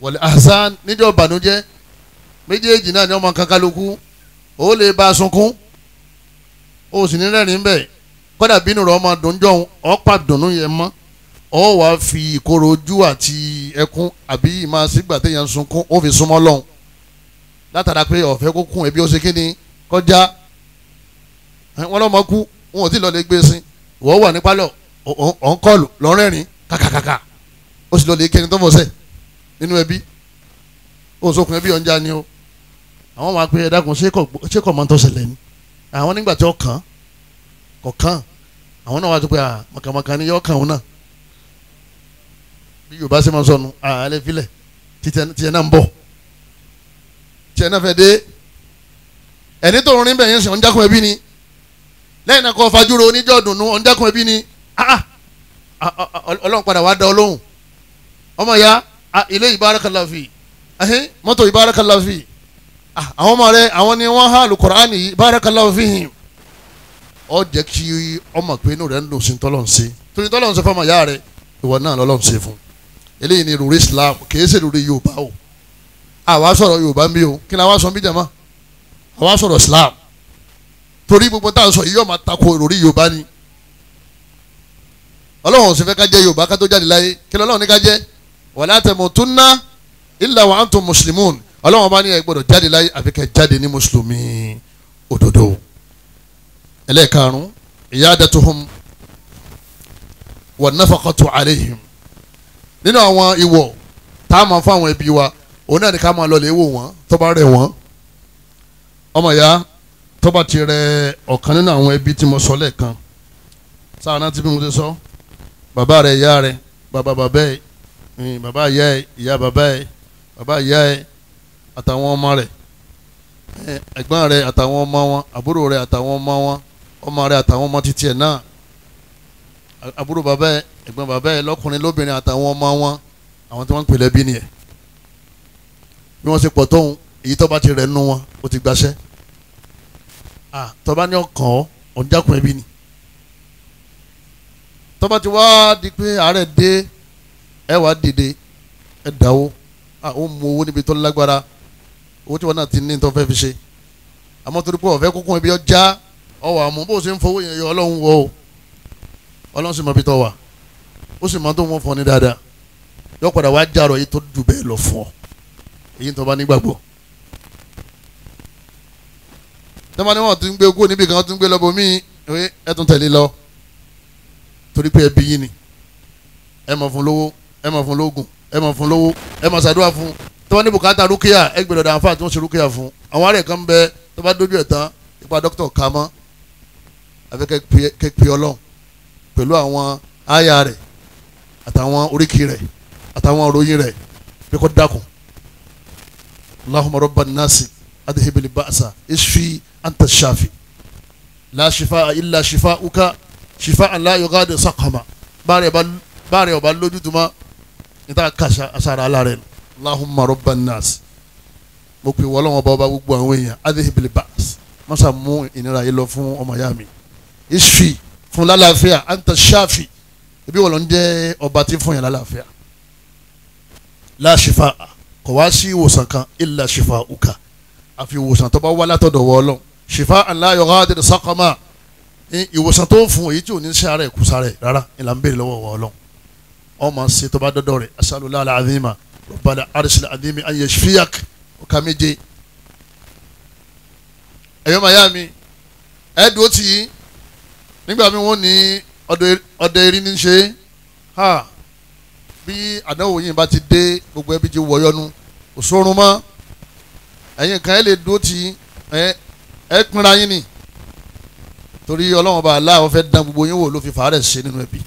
wọlé hasan níjọ́ bànújẹ́ méjèèjì náà ni ọmọ kankan ló kú ó lè bá a sunkún ó sì ní rẹ́rìn bẹ́ẹ̀ kódà bínú rẹ̀ ọmọ dùnjọ́ ọ pa dùnú yẹn mọ́ ọ wá fi ìkorò ojú àti ẹkún àbí ìmáa sígbà téèyàn sunkún ó fi súnmọ́ lọ́hùn látara pé ọ̀fẹ́ kó ẹbí ó ṣe kí ni kọjá wọn lọ́mọ kú wọn ò tí lọ́ọ́ lè gbé e sí wọ́n wà ní pálọ̀ ọ̀n kọ́ọ̀lù lọ́rẹ́rìn kàkàkàkà ó sì lọ́ọ́ lè kẹ́ni tó fọ́sẹ̀ nínú ẹbí òsokùn ẹbí ọ̀njà ni o àwọn máa pe ẹ̀dákun ṣé kò máa ń tọ́sẹ̀lẹ̀ ni àwọn nígbà tí ọkàn kọ̀kan àwọn náà wà tó pé à mọ̀kàmọ̀kà ni yọ ọkàn òun náà bí Yorùbá ṣe máa sọnù àlẹ́ filẹ̀ tiẹ̀ náà ń bọ̀ tiẹ̀ náà fẹ́ dé ẹni tó rin bẹ́ẹ̀ yẹn sì ń jákun ẹbí ni lẹ́yìn náà kọ́ fajúro oníjọ́ dùnú ọ̀ndẹ́kùn ẹbí ni ah, ah, ah, ọlọ́run padà wá dá ọ lóhùn ọmọ ya ilé ìbárakàlàfì mọ́tò ìbárakàlàfì àwọn ọmọ rẹ àwọn ni wọ́n há alukọ̀ránì ìbárakàlàfì hìn ọ jẹ́ kí ọmọ pé inú rẹ̀ ń dùn sí tọ́lọ́n sí torí tọ́lọ́n sí fọmọ ya rẹ ìwọ náà lọ́lọ́n sí fún eléyìí ni rúrí Islam kìí ṣe rúrí Yorùbá o àwa sọ̀rọ̀ Yorùbá ń bí o kí ni àwa sọ ń bí jàmá àwa sọ̀rọ̀ Islam torí gbogbo tá à ń sọ yìí yóò máa tako ìròrí yorùbá ni ọlọ́run ò sì fẹ́ ká jẹ́ yorùbá ká tó jáde láyé kí lọ́lọ́run ní ká jẹ́ wala tamutunna illa wa antum muslimun ọlọ́run bá ní ẹ gbọ́dọ̀ jáde láyé àfi kẹ́ jáde ní mùsùlùmí òdodo ẹlẹ́ẹ̀karùn-ún iyadatuhum wa nafaqatu alayhim nínú àwọn ìwọ̀ tá a máa fún àwọn ẹbí wa òun náà ni ká máa lọ lè wò wọ́n tó bá rẹ̀ wọ́n ọmọ tó bá ti rẹ ọ̀kan nínú àwọn ẹbí tí mo sọ lẹ́ẹ̀kan sáà náà ti bí mo ti sọ bàbá rẹ ìyá rẹ bàbá bàbá ẹ bàbá ìyá ẹ ìyá bàbá ẹ bàbá ìyá ẹ àtàwọn ọmọ rẹ ẹ̀gbọ́n rẹ àtàwọn ọmọ wọn àbúrò rẹ àtàwọn ọmọ wọn ọmọ rẹ àtàwọn ọmọ títí ẹ náà àbúrò bàbá ẹ ẹ̀gbọ́n bàbá ẹ lọ́kùnrin lóbìnrin àtàwọn ọmọ wọn àwọn tí wọ́n ń pèlè bí nìyẹn bí wọ́n ṣe pọ̀ tóun èyí tó ti rẹ̀ nú wọn ó ti gbaṣẹ́ tọ́ba ní ọkàn ọ́ ọ̀njákun ẹbí ni tọ́ba ti wá di pé àárẹ̀ dé ẹ wàá dìde ẹ dáwó ó mú owó níbi tó lágbára owó tí wọn náà ti ní tó fẹ́ fi ṣe àmọ́ torí pé ọ̀fẹ́ kúnkún ibi ọjà ọwọ́ àmọ́ bó o ṣe ń fowó yẹn yọ ọlọ́run wọ o ọlọ́run sì mọ ibi tó wà ó sì mọ tó wọn fọ ní dáadáa yọ padà wá jàrọ̀ yìí tó dùbẹ́ lọ fún ọ èyí tó bá nígbàgbọ́ tọ́ba ni wọ́n ti ń gbé kó níbi kan ti ń gbé lọ́bọ̀ míì ẹ tún tẹ̀lé lọ torí pé ẹbí yín ni ẹ máa fún lówó ẹ máa fún lóògùn ẹ máa fún lówó ẹ máa ṣàdúrà fún tọ́ba ní bùkátà rúkìá ẹ gbèrò dàn fáà tí wọ́n ṣe rúkìá fún àwọn àrẹ kan bẹ tọ́ba dójú ẹ̀ tán ipa dókítà kà mọ́ àfi kẹ́ pe ọlọ́run pẹ̀lú àwọn àyà rẹ̀ àtàwọn oríkì rẹ̀ àtàwọn òròyìn rẹ̀ pé kó dákun Allahumma rabban adhhibil ba'sa isfi anta shafi la shifa'a illa shifa'uka shifa'an la yughadiru saqama báàrẹ̀ ọba lójútùmọ́ níta kàṣà àṣàrà alárẹ̀ nù Allahumma rabban nas mo pe wọ́n lọ́wọ́ bá gbogbo àwọn èèyàn adhhibil ba'sa mọ́sà mú ìnira yìí lọ fún ọmọ ìyá mi isfi fún lálàáfíà anta shafi ibi wọ́n lọ ń jẹ́ ọba tí fún yàn lálàáfíà la shifa'a kò wá sí ìwòsàn kan illa shifa'uka àfi ìwòsàn tó bá wá látọ̀dọ̀ wọ ọlọ́ shifa la yughadiru saqama ìwòsàn tó ń fún èyí tí ò ní sáré kù sáré rárá ìlà ń béèrè lọ́wọ́ wọ ọlọ́ ọmọ ṣe tó bá dọ́dọ̀ rẹ̀ asalula alazima rabbala arshil azimi an yashfiyak ọ̀ka méje ẹ̀yọ́ màyá mi ẹ̀ẹ́dùn ó ti yí nígbà mi wọ́n ní ọdẹ erin ní ṣe ha bí àdánwò yìí bá ti dé gbogbo ẹbí ti wọ̀yọ́nu òṣòrun mọ́ ẹ̀yin kan ẹ̀ lè dúró ti ẹ̀ ẹ̀ pinra yín ni torí ọlọ́run bá aláwọ̀ fẹ́ dán gbogbo yín wò ló fi fàárẹ̀ ṣe nínú ẹbí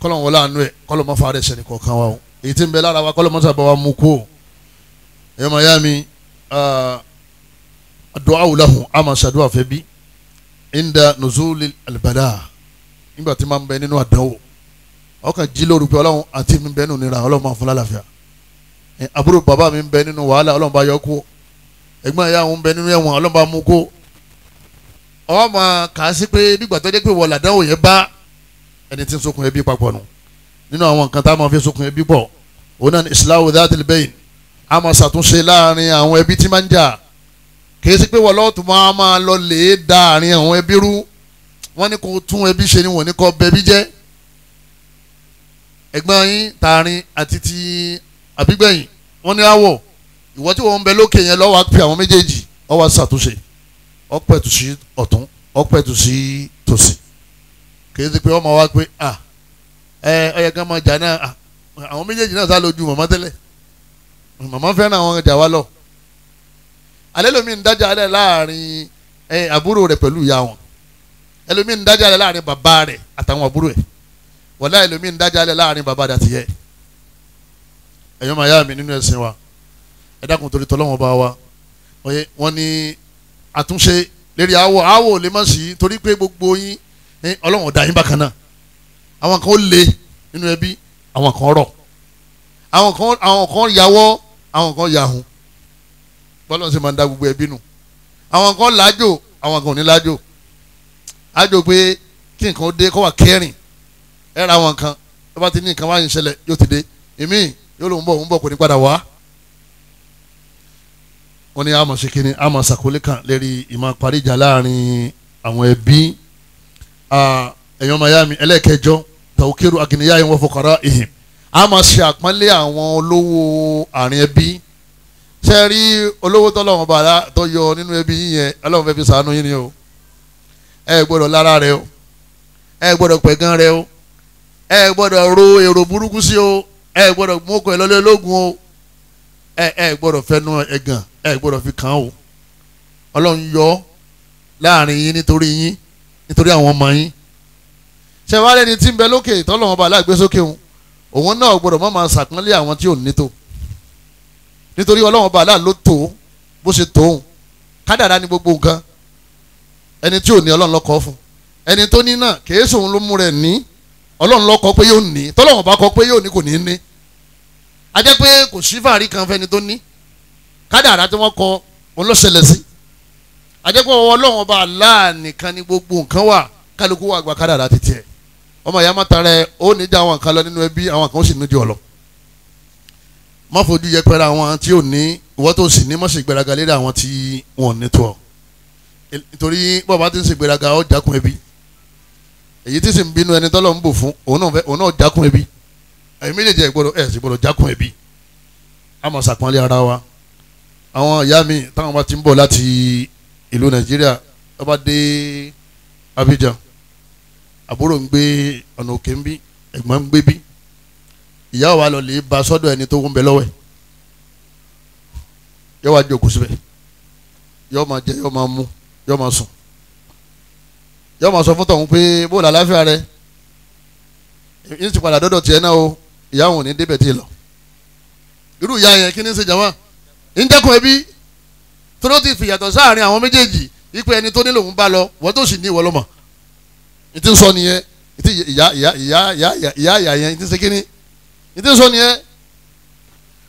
kọ́lọ̀ wọn láàánú ẹ̀ kọ́lọ̀ mọ́ fàárẹ̀ ṣe nìkan kan wa o èyí tí ń bẹ lára wa kọ́lọ̀ mọ́ sábà wa mú kó o ẹ̀yọ́ mọ̀ ya mi àdúà awùláhùn àmà ṣàdúrà fẹ́ bí inda nùzúlì àlùbàdà nígbà tí máa ń bẹ nínú àdánwò ọkàn jí lóru ọlọ́run àti mi bẹ́ẹ̀ nù nira ọlọ́run máa fún lálàáfíà àbúrò bàbá mi ń bẹ nínú wàhálà ọlọ́run bá yọ kó ẹ̀gbọ́n ìyá òun ń bẹ nínú ẹ̀wọ̀n ọlọ́run bá mú kó ọwọ́ máa kà á sí pé bígbà tó jẹ́ pé wọ́n làdánwò yẹn bá ẹni tí ń sokùn ẹbí papọ̀ nù nínú àwọn nǹkan tá a máa fi sokùn ẹbí pọ̀ òun náà ní islahu dhatil bayn a máa ṣàtúnṣe láàrin àwọn ẹbí tí máa ń jà kì pé wọ́n lọ́ọ̀tún máa máa lọ lè da àárín àwọn ẹbí rú wọ́n ní kó tún ẹbí ṣe ni wọ́n ní kó bẹbí jẹ́ ẹ̀gbọ́n yín tààrin àti ti àbí gbẹ̀yìn wọ́n ní àwọ̀ ìwọ tí wọ́n ń bẹ lókè yẹn lọ́wọ́ pe àwọn méjèèjì ọwọ́ ṣàtúnṣe ọpẹ̀tù sí ọ̀tún ọpẹ̀tù sí tòsí kìí ti pé ọmọ wa pé à ẹ ọyẹ kan máa jà náà àwọn méjèèjì náà sá lójú màmá tẹ́lẹ̀ màmá fẹ́ràn àwọn ọjà wa lọ alẹ́ lomi ń dájà alẹ́ láàrin àbúrò rẹ̀ pẹ̀lú ìyá wọn ẹlòmíì ń dájà alẹ́ láàrin bàbá rẹ̀ àtàwọn àbúrò ẹ̀ wọ́lá ẹlòmíì ń dájà alẹ́ láàrin bàbá rẹ̀ àtìyẹ́ ẹ̀yọ́ màá yá mi nínú ẹ̀sìn wa ẹ dákun torí tọ́lọ́wọ́n bá wa wọ́n ní àtúnṣe lérí àwọ̀ àwọ̀ lè má sí torí pé gbogbo yín ọlọ́wọ́n dá yín bákan náà àwọn kan le nínú ẹbí àwọn kan rọ̀ àwọn kan àwọn kan yàwọ́ àwọn kan yàhùn bọ́lá ṣe máa ń da gbogbo ẹbí nù àwọn kan lájò àwọn kan ò ní lájò ájò pé kí nǹkan ó dé kó wà kẹrin ẹ ra àwọn kan tó bá ti ní nǹkan wá ń ṣẹlẹ̀ yóò ti dé èmi yóò lóun bọ̀ òun bọ̀ kò ní padà wá wọ́n ní àmọ̀ sí kínní àmọ̀ sàkólé kan lérí ìmọ̀ parí ìjà láàrin àwọn ẹbí ẹ̀yàn mayami ẹlẹ́ẹ̀kẹjọ tàwókèrú agìnìyá yẹn wọ́n fọkàrà ìhìn àmọ̀ sí àpọ́nlé àwọn olówó àárín ẹbí ṣe rí olówó tọ́lọ́wọ́n bàrà tó yọ nínú ẹbí yẹn ọlọ́run fẹ́ fi sàánú yín ni o ẹ gbọ́dọ̀ lára rẹ o ẹ gbọ́dọ̀ pẹ̀gàn rẹ o ẹ gbọ́dọ̀ ro èrò burúkú sí o ẹ gbọ́dọ̀ mú ọkọ ẹ lọlé lógun o ẹ ẹ gbọ́dọ̀ fẹnu ẹgàn ẹ gbọ́dọ̀ fi kàn o Ọlọ́run yọ láàrin yín nítorí yín nítorí àwọn ọmọ yín ṣẹwàá ẹni tí ń bẹ lókè tọlọmọba aláàgbésókè òun òun náà gbọ́dọ̀ má máa ṣàpọ́nlé àwọn tí ò ní tó nítorí ọlọ́mọba aláà ló tó bó ṣe tóun kádàrá ni gbogbo nǹkan ẹni tí ò ní Ọlọ́run lọ́kọ́ fún ẹni tó ní náà kèésì ló mú rẹ̀ ní Ọlọ́run lọ́kọ́ pé yóò ní tọ́lọ́wọ́n bá pé yóò ní kò ní ní a jẹ́ pé kò sí fàárí kan fẹ́ni tó ní kádàrá tí wọ́n kọ òun sí a jẹ́ pé ọwọ́ ọlọ́run ọba Allah nìkan ni gbogbo nǹkan wà kálukú wà gba kádàrá ti tiẹ̀ ọmọ ìyá máta rẹ ó ní dá àwọn kan lọ nínú ẹbí àwọn kan ó sì ní jù ọ lọ má fojú yẹpẹrẹ àwọn tí ò ní ìwọ tó sì ní má ṣe gbéraga lédè àwọn tí wọn ní tó ọ nítorí bọ́ọ̀bá ti ń ṣe gbéraga ó jákun ẹbí èyí tí sì ń bínú ẹni tọ́lọ́ ń bò fún òun náà jákun ẹbí ẹ̀yin méjèèjì ẹ̀ gbọ́dọ̀ ẹ̀ sì gbọ́dọ̀ jákun ẹ̀bí a máa ṣàpọ́nlé ara wa àwọn ìyá mi táwọn bá ti ń bọ̀ láti ìlú nàìjíríà tó bá dé Abidjan àbúrò ń gbé ọ̀nà òkè ń bí ẹ̀gbọ́n ń gbé bí ìyá wa lọ lè ba sọ́dọ̀ ẹni tó ń bẹ lọ́wọ́ yọ wá jókòó síbẹ̀ yọ máa jẹ yọ máa mu yọ máa sùn yọ máa sọ fún tọ̀hún pé bóòlù àláfíà rẹ yín ti padà dọ́dọ̀ tiẹ̀ náà o ìyá wọn ò ní débẹ̀ tí ì lọ irú ìyá yẹn kí ni ṣe jàmá ń dẹ́kun ẹbí tó ló ti fìyàtọ̀ sáàrin àwọn méjèèjì ipò ẹni tó nílò ń bá lọ wọ́n tó sì ní ìwọ lọ́mọ ìtì sọ nìyẹn ìtì ìyá ìyá ìyá ìyá ìyá ìyá yẹn ìtì ṣe kíni ìtì sọ nìyẹn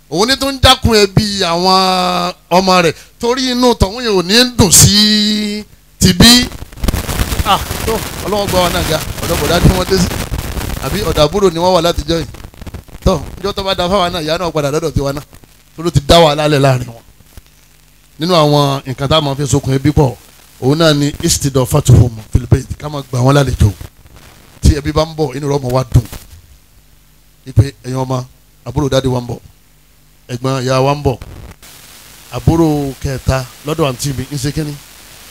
òun ní tó ń dákun ẹbí àwọn ọmọ rẹ̀ torí inú tọ̀hún yìí ò ní dùn sí ti bí ah tó ọlọ́wọ́ gbọ́ wa náà ga ọ̀dọ́ bọ̀dá tí wọ́n dé sí àbí ọ̀dà àbúrò ni wọ́n wà látijọ́ yìí tọ́ ìjọ tó bá da fáwọn náà ìyá náà padà lọ́dọ̀ tiwa náà ló ti dá wàhálà lẹ̀ láàrin wọn nínú àwọn nǹkan tá a máa fi sokùn ẹbí pọ̀ òun náà ni istidọ̀ fatuhum philippines ká máa gbà wọ́n lálejò tí ẹbí bá ń bọ̀ inú rọ́ọ̀mù wa dùn ipe ẹ̀yin ọmọ àbúrò dáàdi wa ń bọ̀ ẹ̀gbọ́n ìyá wa ń bọ̀ àbúrò kẹta lọ́dọ̀ àǹtí mi ń ṣe kínní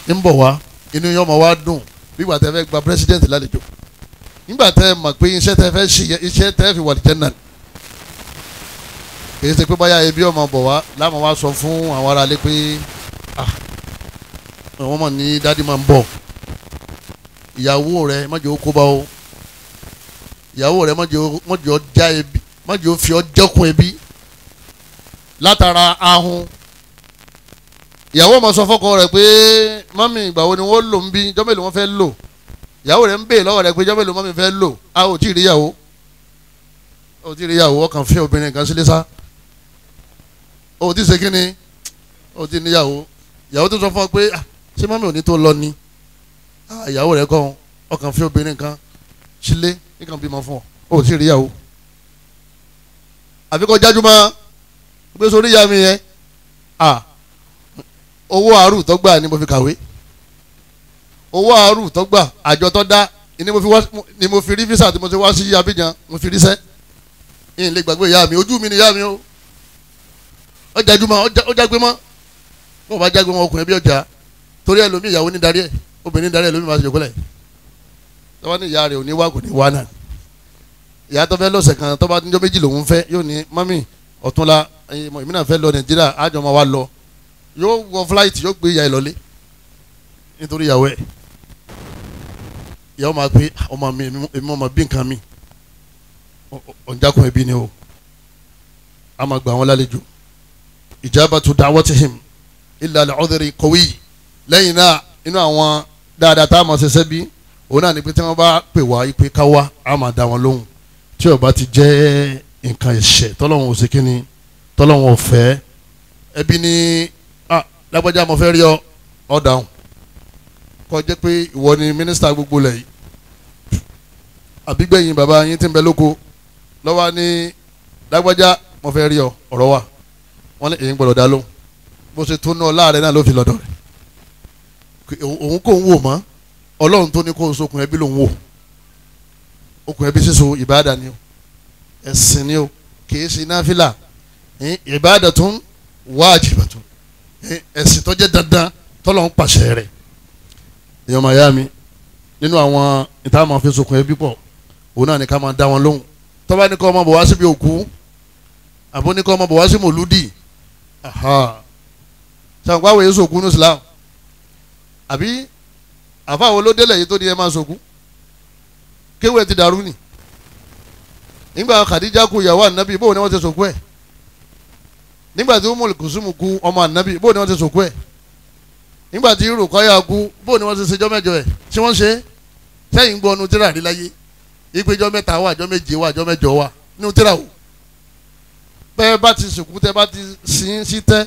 ń bọ̀ wá inú yọmọ wa dùn nígbà tẹ́ fẹ́ gba president lálejò nígbà tẹ́ mọ̀ pé iṣẹ́ tẹ́ fẹ́ ṣe iṣẹ́ tẹ́ fi wà lìjẹ́ náà kì í ṣe pé báyà ebi ọmọ bọ̀ wá láwọn wá sọ fún àwọn ará ilé pé àwọn ah, ọmọ ní dádì máa ń bọ̀ ìyàwó rẹ mọ̀jẹ̀ ó kó bá o ìyàwó rẹ mọ̀jẹ̀ ó já ebi mọ̀jẹ̀ ó fi ọ́ jẹ́kun ebi látara ahun ìyàwó ọmọ sọ fọ́kọ rẹ pé mọ́mì ìgbà wo ni wọ́n lò ń bí jọ́mẹ́lì wọ́n fẹ́ lò ìyàwó rẹ ń bè lọ́wọ́ rẹ pé jọ́mẹ́lì mọ́mì fẹ́ lò a ò tí ì rí ìyàwó ò tí ì rí ìyàwó ọkàn fẹ́ obìnrin kan sílé sá o ti ṣe kíni o ti níyàwó ìyàwó tó sọ fún ọ pé ah, ṣé mọ́mí ò ní tó lọ ni ah, ìyàwó rẹ kọ́ ọkàn fi obìnrin kan sílé nìkan bímọ fún ọ o sì rí ìyàwó àfikọ́ jájúmọ́ gbé sórí ìyá mi yẹn owó àárù tó gbà ni mo fi kàwé owó àárù tó gbà àjọ tó dá ni mo fi rí físà tí mo ti wá sí Abidjan mo fi ríṣẹ́ ìyìn lè gbàgbé ìyá mi ojú mi ni ìyá mi o ọjà ìdúmọ̀ ọjà gbémọ́ wọn bá jágbe wọn ọkùnrin bí ọjà torí ẹlòmíì ìyàwó ní darí ẹ obìnrin darí ẹlòmíì máa ṣe jòkó lẹ tọ́wọ́ ní ìyá rẹ̀ òní wá kò ní wá náà ìyá tó fẹ́ lọ́sẹ̀ kan tọ́ba níjọ́ méjì lòún fẹ́ yóò ní mọ́mì ọ̀túnla èmi náà fẹ́ lọ nàìjíríà àjọ máa wá lọ yóò wọ fúláìtì yóò gbé ìyá ẹ lọlé nítorí ìyàwó ẹ ìyàwó máa pé ah, ọmọ mi èmi ọmọ bí nǹkan mi ọ̀njákùn ẹbí ni o a máa gbà wọn lálejò ijabatu da'watihim illa al-udhri qawi lẹ́yìn náà inú àwọn dáadáa tá a máa ṣẹṣẹ́ bí òun náà ni pé tí wọ́n bá pè wá ipe ká wá a máa dá wọn lóhùn tí ó bá ti jẹ́ nǹkan ẹ̀ṣẹ̀ tọ́lọ́wọ́n òsè kínní tọ́lọ́wọ́n ọ̀fẹ́ ẹbí ni ah lágbájá mo fẹ́ rí ọ ọ dáhùn kó jẹ́ pé ìwọ ni mínísítà gbogbo lẹ̀ yìí àbígbẹ̀yìn bàbá yín ti ń bẹ lóko lọ́wọ́ ni lágbájá mo fẹ́ rí ọ ọ̀rọ̀ wà wọ́n ní èyí ń gbọ́dọ̀ dá lóhùn bó ṣe tó náà láàrẹ náà ló fi lọ́dọ̀ rẹ̀ òun kò ń wò mọ́ ọlọ́run tó ní kó o sokùn ẹbí lòun wò okùn ẹbí sísun ìbáàdà ni o ẹ̀sìn ni o kìí ṣe náfìlà ìbáàdà tó ń wájìbà tó ẹ̀sìn tó jẹ́ dandan tọ́lọ́run pàṣẹ rẹ̀ èèyàn máa yá mi nínú àwọn ìta fi sokùn ẹbí pọ̀ òun náà ni ká máa dá wọn lóhùn tọ́ba ní kọ́ ọmọ bọ̀ wá síbi òkú àbó ọmọ bọ̀ wá sí mòlúdì sàǹkó àwọn èso kunu Islam àbí àfàwọn olódélẹ̀ yìí tó ní ẹ máa sọ̀kú kéwé ti dàrú ni nígbà Khadija kú ìyàwó ànábì bóun ni wọ́n ti sọ̀kú ẹ̀ nígbà tí Umul Kusumu kú ọmọ ànábì bóun ni wọ́n ti sọ̀kú ẹ̀ nígbà tí Rukaya kú bóun ni wọ́n ti ṣèjọ́ mẹ́jọ ẹ̀ tí wọ́n ṣe sẹ́yìn gbọ́ ọ̀nù rí láyé ìpéjọ́ mẹ́ta wà jọ́ wà jọ́ wà ní o bẹ́ẹ̀ bá ti sìnkú tẹ́ bá ti sin sítẹ́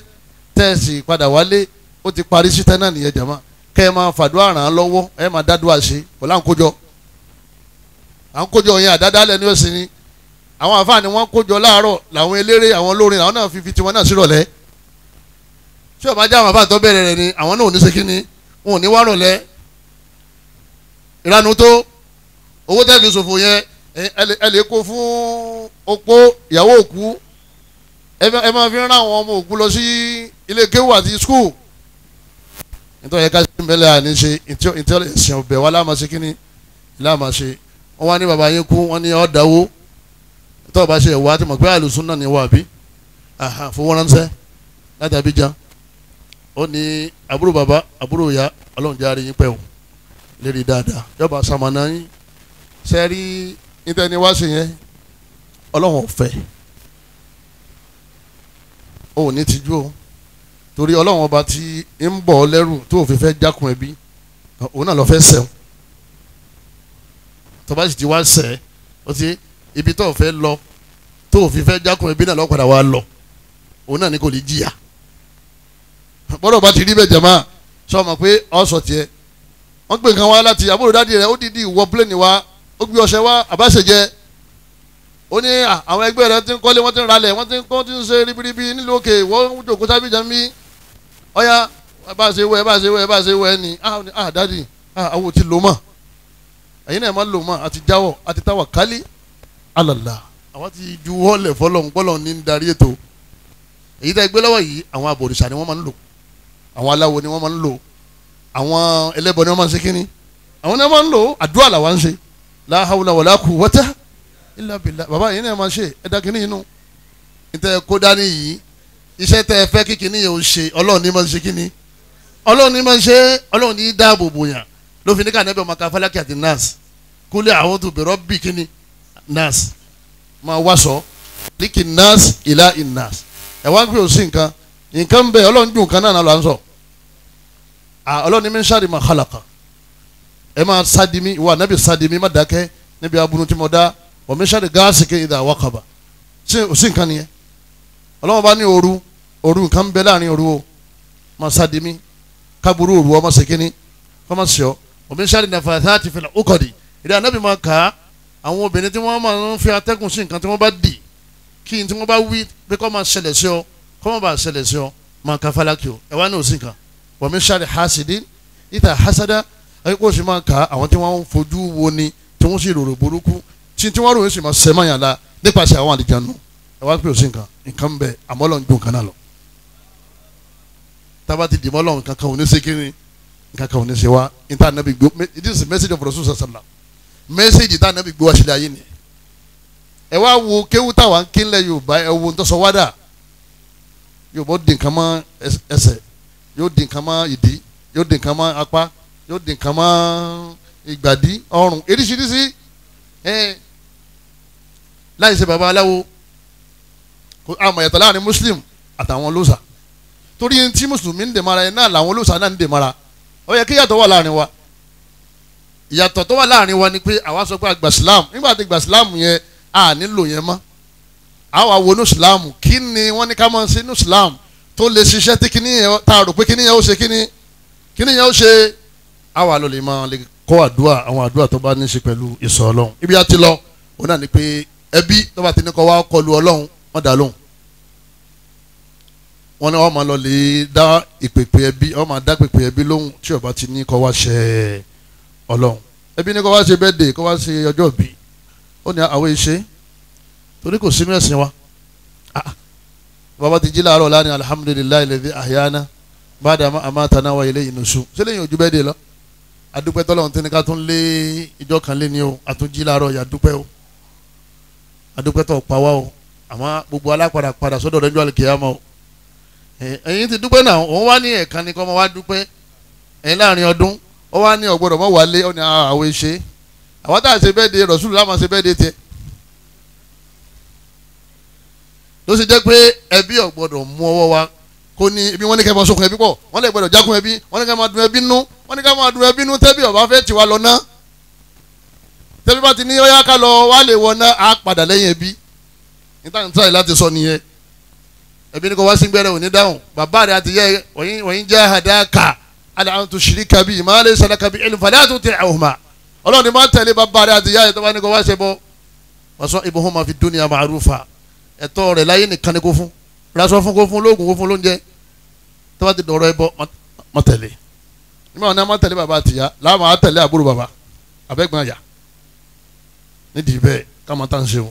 tẹ́ sì padà wálé ó ti parí sítẹ́ náà nìyẹn jàmá kẹ́ ẹ máa fàdúrà ràn án lọ́wọ́ ẹ máa dádúrà ṣe kò láǹkójọ à ń kójọ yẹn àdáadáa lẹ́nu ẹ̀sìn ni àwọn àfáà ni wọ́n kójọ láàárọ̀ làwọn eléré àwọn olórin àwọn náà fi fi tiwọn náà sírọ̀lẹ́ tí ọba jẹ́ àwọn àfáà bẹ̀rẹ̀ rẹ̀ ni àwọn náà ò ní sekí ni wọn ò ní wá rọ̀lẹ́ ìranu tó owó tẹ́ẹ̀fì ṣòfò yẹn ẹ lè kó fún opó ìyàwó òkú ẹ máa fi ń rán àwọn ọmọ òkú lọ sí ilé kéwù àti skul nítorí ẹ̀ka sí ìmẹ́lẹ̀ àní ṣe ìtẹ́lẹ̀ ẹ̀sìn ọ̀bẹ̀ wa láàmà ṣe kíní láàmà ṣe wọ́n wá ní bàbá yín kú wọ́n ní ọ̀dàwó tó o bá ṣe ìwà àti mọ̀ pé àlùsùn náà ní wà bí fowó ránṣẹ́ láti Abidjan ó ní àbúrò bàbá àbúrò ìyá ọlọ́run jẹ́ àárín yín lérí dáadáa yọba sàmànà yín ṣe ní tẹ́ni wá sí yẹn ọlọ́run ọ̀fẹ́ o ò ní tijú o torí ọlọ́run ọba tí ń bọ̀ ọ lẹ́rù tó o fi fẹ́ jákun ẹbí òun náà lọ fẹ́ sẹ́wọ̀n tọba sì ti wá sẹ́ ọ ti ibi tó o fẹ́ lọ tó o fi fẹ́ jákun ẹbí náà lọ padà lọ òun náà ní kò lè jìyà bọ́dọ̀ bá ti rí bẹ́ẹ̀ jẹ̀má sọ ma pé ọ̀sọ̀ tiẹ̀ wọ́n gbé nǹkan wá láti àbúrò dáàdi rẹ̀ ó dìídì wọ pléènì wá ó gbé ọṣẹ wá àbáṣejẹ́ ó ní àwọn ẹgbẹ́ rẹ ti ń kọ́lé wọ́n ti ń ralẹ̀ wọ́n ti ń kọ́ ti ń ṣe ribiribi nílùú òkè wọ́n ń jòkó sábìjà ń bí ọ̀ya ẹ bá ṣe wọ ẹ bá ṣe wọ ẹ bá ṣe wọ ẹ ní ah dadi ah awo ti lò mọ́ ẹ̀yin náà ẹ má lò mọ́ àti jáwọ́ àti tawakkali ala Allah àwọn ti ju wọ́ọ̀lẹ̀ fọlọ́n gbọ́lọ́n ní darí ètò èyí tẹ́ gbé lọ́wọ́ yìí àwọn abòrìṣà ni wọ́n máa ń lò àwọn aláwo ni wọ́n máa ń lò àwọn ẹlẹ́bọ ni wọ́n máa ń ṣe kínní àwọn ilà bìlà bàbá yìí náà máa ṣe ẹ dá kínní inú níta kó dání yìí iṣẹ́ tẹ́ ẹ fẹ́ kí kínní yẹn ò ṣe ọlọ́run ní máa ṣe kínní ọlọ́run ní máa ṣe ọlọ́run ní dáàbò bòyàn ló fi ní ká nẹ́bẹ̀ ọmọ ká fálákì àti nurse kúlẹ̀ àwọn tó bẹ̀rọ bí kínní nurse máa wá sọ líkì nurse ìlà ìnurse ẹ̀ wá ń pè ó sí nǹkan nǹkan bẹ́ẹ̀ ọlọ́run dùn kan náà lọ à ń sọ ọlọ́run ní mi ń ṣáàrì máa kálàkà ẹ máa sádìmí ìwà nábì sádìmí má dákẹ́ níbi abúnú wọ́n de ṣàdé gáàsì kí ìdá wákàbà ṣé o sì nǹkan nìyẹn ọlọ́wọ́n bá ní òru òru nǹkan bẹ láàrin òru o masadimi kaburu òru ọmọ sèkínní kọ́mọ sọ wọ́n mi ṣàdé nàfà sáàtì fìlà ókòdì ìdá anábì máa kà á àwọn obìnrin tí wọ́n máa ń fi atẹ́kùn sí nǹkan tí wọ́n bá dì kí n tí wọ́n bá wí pé kọ́ máa ṣẹlẹ̀ sí ọ kọ́ bá ṣẹlẹ̀ sí ọ máa ka falaki o ẹ̀ wá ní òsì nǹkan wọ́n mi ṣàdé hasidi ìta hasada ayé kó o sì máa kà á àwọn tí wọ́n fojú wo ni tí wọ́n sì rorò tí tí wọ́n rò ó sì máa sẹ́ mọ́yàn la nípasẹ̀ àwọn àlìjánu ẹ wá pè ó sí nǹkan nǹkan bẹ àmọ́ lọ́n ju nǹkan lọ. tába ti dìmọ́ lọ́n nǹkan kan ò ní ṣe kí ni nǹkan kan ò ní ṣe wá níta anabi gbó this is message of rasul sallam message ta anabi gbó aṣèlè ayé ni. ẹ wá wo kéwú táwa ń kí ńlẹ̀ yorùbá ẹ wo ntọ́sọ wádà yorùbá ó di nǹkan mọ́ ẹsẹ̀ yóò di nǹkan mọ́ ìdí yóò di nǹkan mọ́ apá yóò di nǹkan mọ́ ìgbàdí ọrùn eríṣiríṣi ẹ láì ṣe baba aláwo àmọ̀ yàtọ̀ láàrin muslim àtàwọn olóòṣà torí tí mùsùlùmí ń dèmara yẹn náà làwọn olóòṣà náà ń dèmara ó yẹ kí yàtọ̀ wà láàrin wa ìyàtọ̀ tó wà láàrin wa ni pé àwa sọ pé àgbà islam nígbà tí àgbà islam yẹn a nílò yẹn mọ́ àwa wo ní islam kí ni wọ́n ní ká máa ṣe ní islam tó lè ṣiṣẹ́ tí kíní yẹn tá rò pé kíní yẹn ó ṣe kíní kíní yẹn ó ṣe àwa ló lè máa lè kọ́ àdúrà àwọn àdúrà tó bá ní í ṣe pẹ̀lú ìsọ̀ ọlọ́run ibi àti lọ òun náà ni pé ẹbí tọ́ba tí ní kọ́ wá kọlu ọlọ́run wọ́n dà lóhùn wọ́n ní wọ́n máa lọ lè dá ìpèpè ẹbí wọ́n máa dá pèpè ẹbí lóhùn tí ọba ti ní kọ́ wá ṣe ọlọ́run ẹbí ní kọ́ wá ṣe bẹ́ẹ̀dẹ̀ kọ́ wá ṣe ọjọ́ bí ó ní àwọn ìṣe torí kò sínú ẹ̀sìn wa ah, ah. bàbá ti jí láàárọ̀ lánàá alhamdulilayi lèvi àyànà bàdà àmàtànà wà ilé ìnùsùn sílẹ̀ ojú bẹ́ẹ̀dẹ̀ lọ adúpẹ́ tọ́lọ́run o àtúnjí láàárọ̀ yà dúpẹ́ o adúpẹ́tọ̀ pa o àmọ́ gbogbo alápadà padà sọ́dọ̀ lọ́jọ́ àlùkìyàmọ́ o ẹ̀yin ti dúpẹ́ náà òun wá ní ẹ̀kan ni kọ́ ọmọ wa dúpẹ́ ẹ̀yin láàrin ọdún ó wá ní ọgbọ́dọ̀ mọ́ wálé ó ní àwọn ìṣe àwọn tá a ṣe bẹ́ẹ̀ de rọ̀ṣùlù láwọn ṣe bẹ́ẹ̀ de tiẹ̀ ló ṣe jẹ́ pé ẹbí ọ̀gbọ́dọ̀ mú ọwọ́ wa kó ní ibi wọ́n ní kẹ́ máa sokùn ẹbí pọ̀ wọ́n lè gbọ́dọ̀ jákun ẹbí wọ́n ní kẹ́ máa dun ẹbí nú wọ́n ní kẹ́ máa dun ẹbí nú tẹ́bí ọ̀bá fẹ́ tiwa lọ náà tẹ́bí bá ti ní ọyá ká lọ wá lè wọ náà á padà lẹ́yìn ẹbí níta níta yìí láti sọ nìyẹn ẹbí ni kò wá sí gbẹrẹ òní dáhùn bàbá rẹ àti yẹ wọ̀nyí wọ̀nyí jahadaka ala an tushrika bi ma laysa laka bihi ilm fala tuti'huma ọlọ́run ni máa tẹ̀lé bàbá rẹ àti yá ẹ̀ tó bá ní kò wá ṣe bọ́ wasuhibhuma fi dunya ma'rufa ẹ̀tọ́ rẹ̀ láyé nìkan ni kò fún raṣọ fún kò fún lóògùn kò fún lóúnjẹ tó bá ti dọ̀rọ̀ ẹ bọ́ mọ́tẹ̀lé nígbà wọn ni a máa tẹ̀lé bàbá àti yá láwọn máa tẹ̀lé àbúrò bàbá àbẹ́gbọ̀n àyà nídìí bẹ́ẹ̀ ká máa tán ṣe o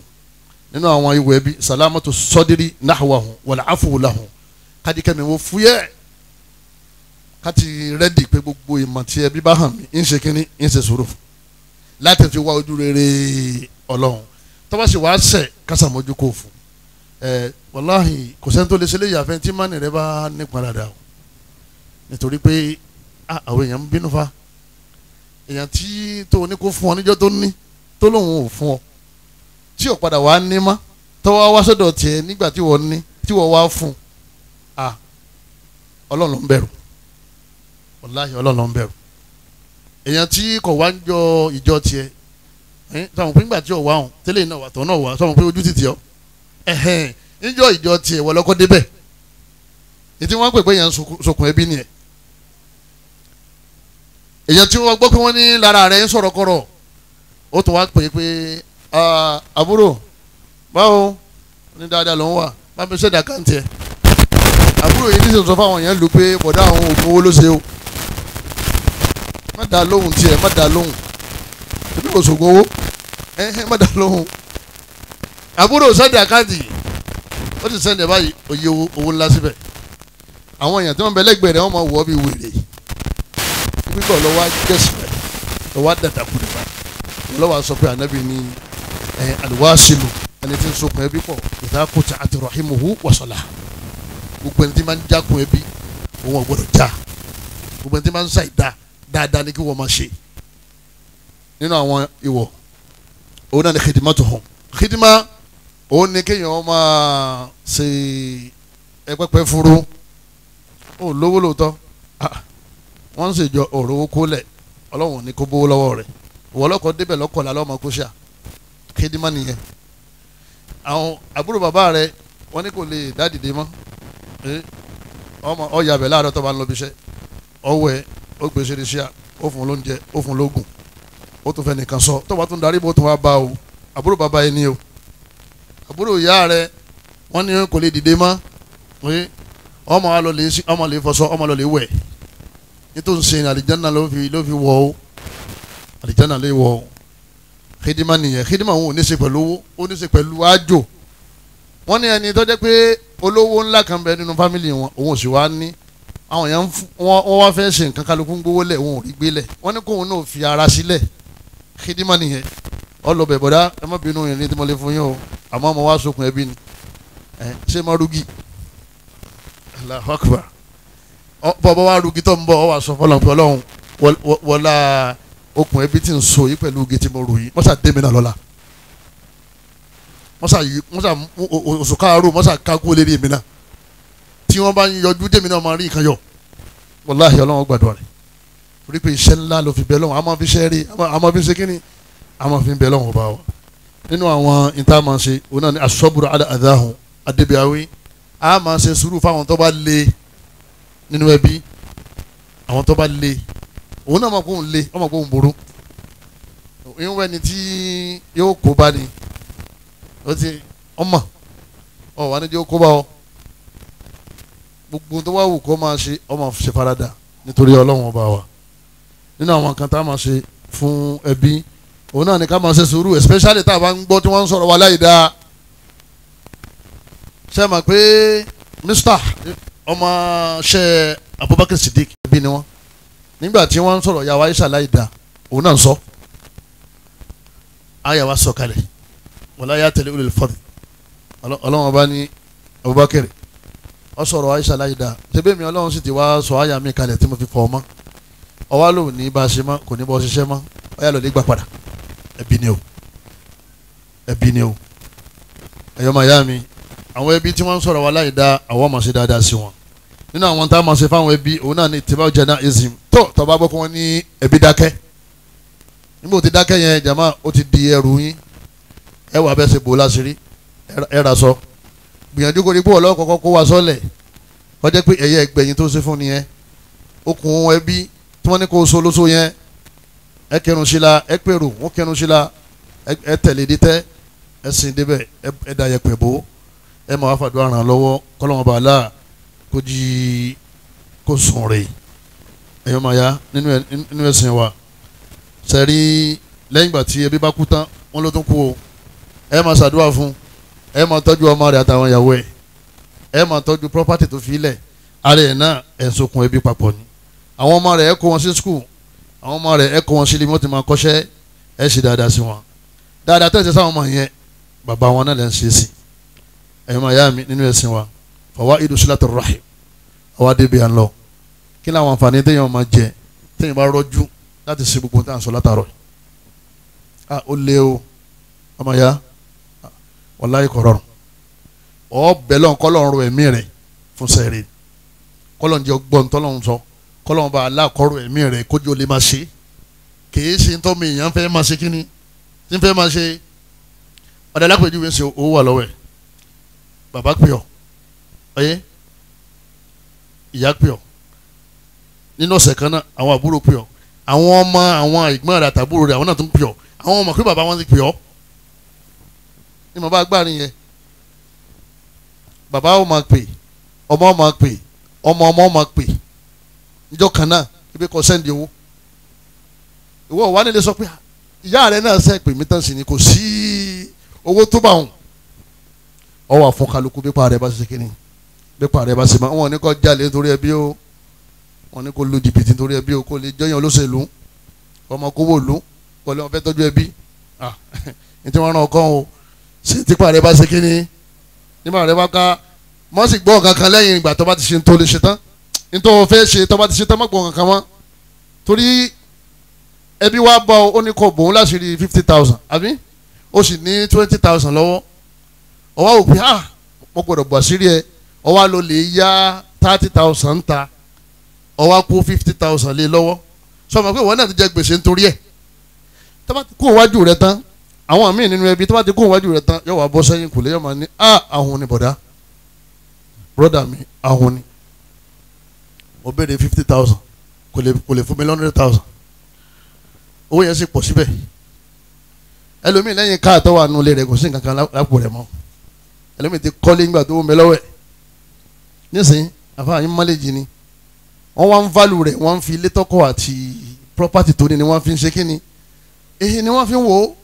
nínú àwọn ìwé ẹbí salamatu sọdiri nahwahu wàlá afuwulahu kadikẹ́mi wo fúyẹ́ káti rẹ́dì pé gbogbo ìmọ̀ tí ẹbí bá hàn mí ń ṣe kínní ń ṣe sùúrù láti fi wá ojú rere ọlọ́run tọ́wọ́ sì wá sẹ̀ kásàmójú kò fún ẹ wàláhì kò sẹ́ni tó lè ṣe léyà fẹ́ tí mánì rẹ bá nípa dáadáa o nítorí pé àwọn èèyàn ń bínú fa èèyàn tí tó ní kó fún ọ níjọ́ tó ní tó lóun ò fún ọ tí ò padà wá ní mọ́ tọ́wọ́ wá sọ́dọ̀ tiẹ̀ nígbà tí wọ́n ní tí wọ́n wá fún a ọlọ́run ló ń bẹ̀rù wàláhì ọlọ́run ló ń bẹ̀rù èèyàn tí kò wá ń jọ ìjọ tiẹ̀ sọ̀rọ̀ pé nígbà tí ò wá hàn tẹ́lẹ̀ náà wà tọ́ náà wà sọ̀rọ̀ pé ojú ti tiọ́ ẹ̀hẹ̀n níjọ ìjọ tiẹ̀ wọ́n lọ́kọ́ débẹ̀ ètí wọ́n pè pé èèyàn sokùn ẹbí nìyẹn èèyàn tí wọ́n gbọ́ pé wọ́n ní lára rẹ̀ ń sọ̀rọ̀ kọ̀rọ̀ ó tún wá pè é pé àbúrò báwo ní dáadáa ló ń wà má fi ṣe dàkà ń tiẹ̀ àbúrò yìí níṣẹ́ sọ fáwọn èèyàn lù pé bọ̀dá àwọn oògùn owó ló ṣe o má dá lóhùn tiẹ̀ má dá lóhùn ebi kò sògùn owó ẹ̀hẹ́ má dá lóhùn àbúrò sẹ́ndì àkáǹtì ó ti sẹ́ndì báyìí òye owó ńlá síbẹ̀ àwọn èèyàn tí wọ́n bẹ wọ́n máa wọ́ bí wèrè gbígbọ́ lọ́wọ́ gẹ̀ẹ́sì rẹ̀ lọ́wọ́ dàdàkùn lọ́wọ́ sọ pé ànábì ní alùwàsílù ẹni tí ń sokùn ẹbí pọ̀ ìdákùtà àti rahimuhu wasọ̀la gbogbo ẹni tí máa ń jákun ẹbí òun ọ̀gbọ́dọ̀ já gbogbo ẹni tí máa ń sa ìdá dáadáa ni kí wọ́n máa ṣe nínú àwọn ìwọ̀ òun náà ni kìdìmá tó hàn kìdìmá òun ni kéèyàn máa ṣe ẹpẹpẹ fúru ó lówó lóòótọ́ ah, wọ́n ń ṣèjọ òróró kólẹ̀ ọlọ́run ní kó bówó lọ́wọ́ rẹ̀ wọ́n lọ́kọ̀ débẹ̀ lọ́kọ̀lá lọ́mọ kóṣà kédìmá nìyẹn àwọn àbúrò bàbá rẹ wọ́n ní kò lè dádìde mọ́ ọmọ ọ̀yà bẹ̀ láàárọ̀ tó bá ń lọ bíṣẹ́ ọwọ́ ẹ̀ ó gbèsè ní ṣíà ó fún lóúnjẹ ó fún lóògùn ó tún fẹ́ nìkan sọ tó bá tún darí bó tún wá bá o àbúrò bàbá yẹn ni o àbúrò ìyá rẹ wọ́n ní kò lè dìde mọ́ ọmọ alọ lè fọṣọ ọmọ alọ lè wẹ̀ nítorí sèyìn àlìjáná ló fi wọ̀ o àlìjáná lè wọ xidima nìyẹn xidima wọn ò ní ṣe pẹ̀lú owó ó ní ṣe pẹ̀lú àjò wọ́n ní ẹni tó jẹ́ pé olówó ńlá kan bẹ nínú fámìlì wọn òun ò sì wá ní àwọn èèyàn wọ́n wá fẹ́ ṣe nǹkan kálukú ń lẹ̀ òun ò rí gbé lẹ̀ wọ́n ní kóun náà fi ara sílẹ̀ xidima nìyẹn ọlọ́bẹ̀ bọ̀dá ẹ má bínú ìrìn tí mo fún yín o àmọ́ mo wá sókun ẹbí ni ṣé má rúgì Allahu Akbar bọ́ọ̀ bọ́ wá rúgì tó ń bọ̀ ọ wà sọ fọlọ́n pẹ̀lú ọ̀hún wọlá okùn ẹbí tí ń so yìí pẹ̀lú oge tí mo rò yìí mọ́sá dé mi náà lọ́la mọ́sá yìí mọ́sá oṣù káàárọ̀ mọ́sá kákó lérí mi náà tí wọ́n bá ń yọjú dèmi náà máa rí nǹkan yọ wàláhì ọlọ́run gbàdúrà rẹ̀ torí pé iṣẹ́ ńlá ló fi bẹ lọ́wọ́ àmọ́ fi ṣẹ́ rí àmọ́ fi ṣe kí ni àmọ́ fi bẹ lọ́wọ́ ọba wa nínú àwọn ìtàmọ̀ṣe òun náà ni asọ́bùrù adáhùn adébíyàwí a máa ṣe sùúrù fáwọn tó bá le nínú ẹbí àwọn tó bá le òun náà mọ̀ pé òun le ọmọ pé òun burú ìwọ ẹni tí yóò kó bá ni ó ti ọmọ ọ wà nídìí ó kó bá ọ gbogbo tó wá wù kó máa ṣe ọmọ ṣe farada nítorí ọlọ́run ọba wa nínú àwọn kan tá a máa ṣe fún ẹbí òun náà ni ká máa ṣe sùúrù especially tá a bá ń gbọ́ tí wọ́n ń sọ̀rọ̀ wa láì dáa ṣe mọ̀ pé mr ọmọ ṣe Abubakar Siddiq ẹbí ni wọ́n nígbà tí wọ́n ń sọ̀rọ̀ yàwá Aisha láìda òun náà ń sọ àyàwá sọ̀kalẹ̀ wala ya tẹ̀lé olè fọ́ọ̀dì ọlọ́wọ́n bá ní Abubakar ọ sọ̀rọ̀ Aisha láìda ṣebí mi ọlọ́run sì ti wá sọ àyà mi kalẹ̀ tí mo fi fọ́ ọ mọ́ ọwá lò ní bá a ṣe mọ́ kò ní bọ́ ṣiṣẹ́ mọ́ ọyà lọ́ọ́ lè gbà padà ẹbí ni o ẹbí ni o ẹ̀yọ́ màyá mi àwọn ẹbí tí wọ́n ń sọ̀rọ̀ wa láìda àwọn ọmọ ṣe dáadáa sí wọn nínú àwọn tá a máa ṣe fáwọn ẹbí òun náà ni tìbá jẹ náà ẹsìn tó tọba bọ́ kí wọ́n ní ẹbí dákẹ́ nígbà tó ti yẹn jama ó ti di ẹrù yín ẹ wà bẹ́ẹ̀ ṣe bò láṣìírí ẹ ra sọ gbìyànjú kò ní pé ọlọ́wọ́ kọ́kọ́ kó wa sọ́lẹ̀ wọ́n jẹ́ pé ẹ̀yẹ ẹgbẹ̀yìn tó ṣe fún ni yẹn okùn ẹbí tí wọ́n ní kó so lóso yẹn ẹ kẹrun sí la ẹ pèrò wọ́n kẹrun sí la ẹ tẹ̀lé dítẹ́ ẹ sìn débẹ̀ ẹ dàyẹ̀pẹ̀ bò ẹ máa wá fàdúrà ràn lọ́wọ́ kọ́lọ́mọba aláà kó jí kó sùn rè ẹ̀yọ́ máa ya nínú ẹ̀sìn wa sẹ́rí lẹ́yìn ìgbà tí ẹbí bá kú tán wọ́n ló tún kú o ẹ máa ṣàdúrà fún ẹ máa tọ́jú ọmọ rẹ̀ àtàwọn ìyàwó ẹ̀ ẹ máa tọ́jú property tó fi lẹ̀ ara ẹ̀ náà ẹ̀ ń sokùn ẹbí papọ̀ ni àwọn ọmọ rẹ̀ ẹ kó wọn sí school àwọn ọmọ rẹ̀ ẹ kó wọn sí ilé wọn ti máa kọ́ṣẹ́ ẹ ṣe dáadáa sí wọn dáadáa tẹ̀sí sáwọn ọmọ yẹn bàbá wọn náà lẹ́ ń ṣe sí ẹ̀yọ́ máa yá mi nínú ẹ̀sìn wa ọwọ́ idusílátì rahim ọwọ́ adébíyà ńlọ kí làwọn àǹfààní téèyàn máa jẹ téèyàn bá rọ́jú láti ṣe gbogbo tá à ń sọ látàrọ a ó lé o ọmọ ya wàláyé kọ rọrùn ọ bẹlẹ kọlọrun rọ ẹ̀mí rẹ fún sẹẹrẹ kọlọrun jẹ gbọn tọlọrun sọ kọlọrun bá aláàkọrọ ẹ̀mí rẹ kójú lè máa ṣe kìí ṣe ń tọ́mọ èèyàn fẹ́ máa ṣe kínní tí ń fẹ́ máa ṣe ọ̀dà alápèjúwe ń ṣe owó wà lọ́wọ́ ẹ̀ bàbá pè ọ́ ọyẹ ìyá pè ọ nínú ọ̀sẹ̀ kan náà àwọn àbúrò pè ọ àwọn ọmọ àwọn ìgbọ́n rẹ àtàbúrò rẹ àwọn náà tún pè ọ àwọn ọmọ pé bàbá wọn ti pè ọ ni mo bá gbàrin yẹn bàbá ó máa pè ọmọ ó máa pè ọmọ ọmọ ó máa pè níjọ́ kan náà ibi kò sẹ́ndì owó ìwọ wà nílé sọ pé ah, ìyá rẹ náà sẹ́ pè mí tán sí ni kò sí owó tó bá wọn ọwọ́ àfọ̀nkálukú pípa rẹ bá ṣe kí ni bí pàrọ̀ ẹ bá sì máa wọn ní kó jalè nítorí ẹbí o wọn ní kó lu jìbìtì nítorí ẹbí o kó lè jọyàn olóṣèlú ọmọ lu kó wọn fẹ́ tọ́jú ẹbí ah ní tí wọ́n rán ọkàn o ṣé tí pàrọ̀ ẹ bá ṣe kí ni ní pàrọ̀ ẹ bá ká mọ́ sì gbọ́ ọ̀kan kan lẹ́yìn ìgbà tó bá ti ṣe tó lè ṣe tán ní tó fẹ́ ṣe tó bá ti ṣe tán má gbọ́ ọ̀kan kan mọ́ torí ẹbí wa bọ̀ ó ní kó bòun láṣìírí fifty thousand àbí ó twenty thousand lọ́wọ́ ọwọ́ òpin ah mo gbọ́dọ̀ bọ̀ ó wá le ya thirty thousand ta ó wá fifty thousand lé lọ́wọ́ sọmọ pé ìwọ náà ti jẹ gbèsè nítorí ẹ̀ tó bá ti kó wájú rẹ̀ tán àwọn míì nínú ẹbí tó bá ti kó wájú rẹ̀ tán yóò wá bọ́ sẹ́yìn kùlé yóò máa ní a ahun ni bọ̀dá broda mi ahun ni mo béèrè fifty thousand kò lè kò lè fún mi lọ́nà thousand owó yẹn sì pọ̀ síbẹ̀ ẹlòmíì lẹ́yìn káàtọ́ wà nulẹ̀ rẹ̀ kò sí nǹkan kan lápò rẹ̀ mọ́ ẹlòmíì ti kọ́lé ńgbà tó wọ́n mi lọ́wọ́ ẹ̀ nísìnyí àfààní mọ́lẹ́jì ni wọ́n wá ń válù rẹ̀ wọ́n fi ilé tọ́kọ̀ àti property tó ní ni wọ́n fi ń ṣe kí ni èyí ni wọ́n fi ń wò ó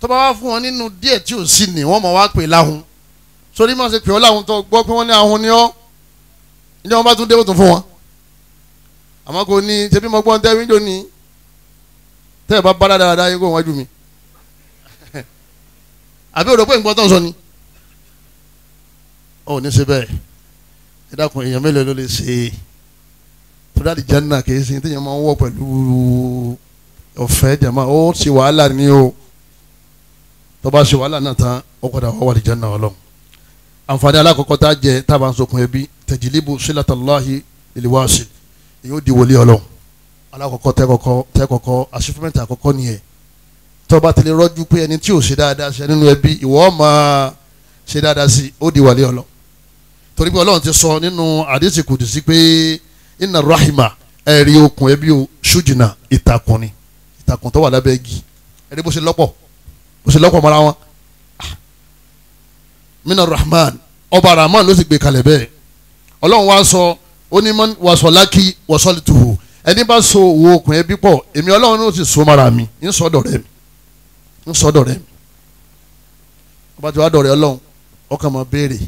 tó bá wá fún wọn nínú díẹ̀ tí ò sí ni wọ́n mọ̀ wá pè láhùn sórí mọ̀ ṣe pè ọ́ láhùn tó gbọ́ pé wọ́n ní ahun ni ọ́ ilé wọn bá tún dé ó tún fún wọn àmọ́ kò ní ṣe bí mo gbọ́ ń tẹ́ wíńdò ẹ bá bá dáadáa yín kó wájú mi àbí òdòpó ìgbọ́tọ̀ sọ ni ò ní ṣe bẹ́ẹ̀ ẹ dákun èèyàn mélòó ló lè ṣe tọ́lá di janna kìí sin téèyàn máa ń wọ̀ pẹ̀lú ọ̀fẹ́ jama ó ṣe wàhálà ni o tó bá ṣe wàhálà náà tán ó padà wá wà ní janna ọlọ́run àǹfààní alákọ̀ọ́kọ́ tá a jẹ tá a bá ń sokun ẹbí tẹ̀jìlíbù sílátàláhi ìlúwàṣì èyí ó di wòlíì ọlọ́run alákọ̀ọ́kọ́ tẹ́kọ̀ọ́kọ́ tẹ́kọ̀ọ́kọ́ àṣìfẹ́mẹ́ta àkọ́kọ́ nìyẹn tó bá ti rọ́jú pé ẹni tí ò ṣe dáadáa ṣe nínú ẹbí ìwọ máa ṣe dáadáa sí ó di wòlíì ọlọ́run torí pé ọlọ́run ti sọ nínú àdéhùn kùdì sí pé inna rahima ẹ̀rí okùn ẹbí o ṣùjìnà ìtàkùn ni ìtàkùn tó wà lábẹ́ igi ẹ̀rí bó ṣe lọ́pọ̀ bó ṣe lọ́pọ̀ mọ́ra wọn. Ah. minna rahman ọba rahman ló sì gbé kalẹ̀ bẹ́ẹ̀ ọlọ́run wá sọ onímọ̀ wàsọ̀ lákì wàsọ̀ lìtùhù ẹni bá so wo okùn ẹbí pọ̀ èmi ọlọ́run ló sì so mara mi ń sọ dọ̀rẹ́ mi ń sọ dọ̀rẹ́ mi ọba tí wàá dọ̀rẹ́ ọlọ́run ọkàn máa béèrè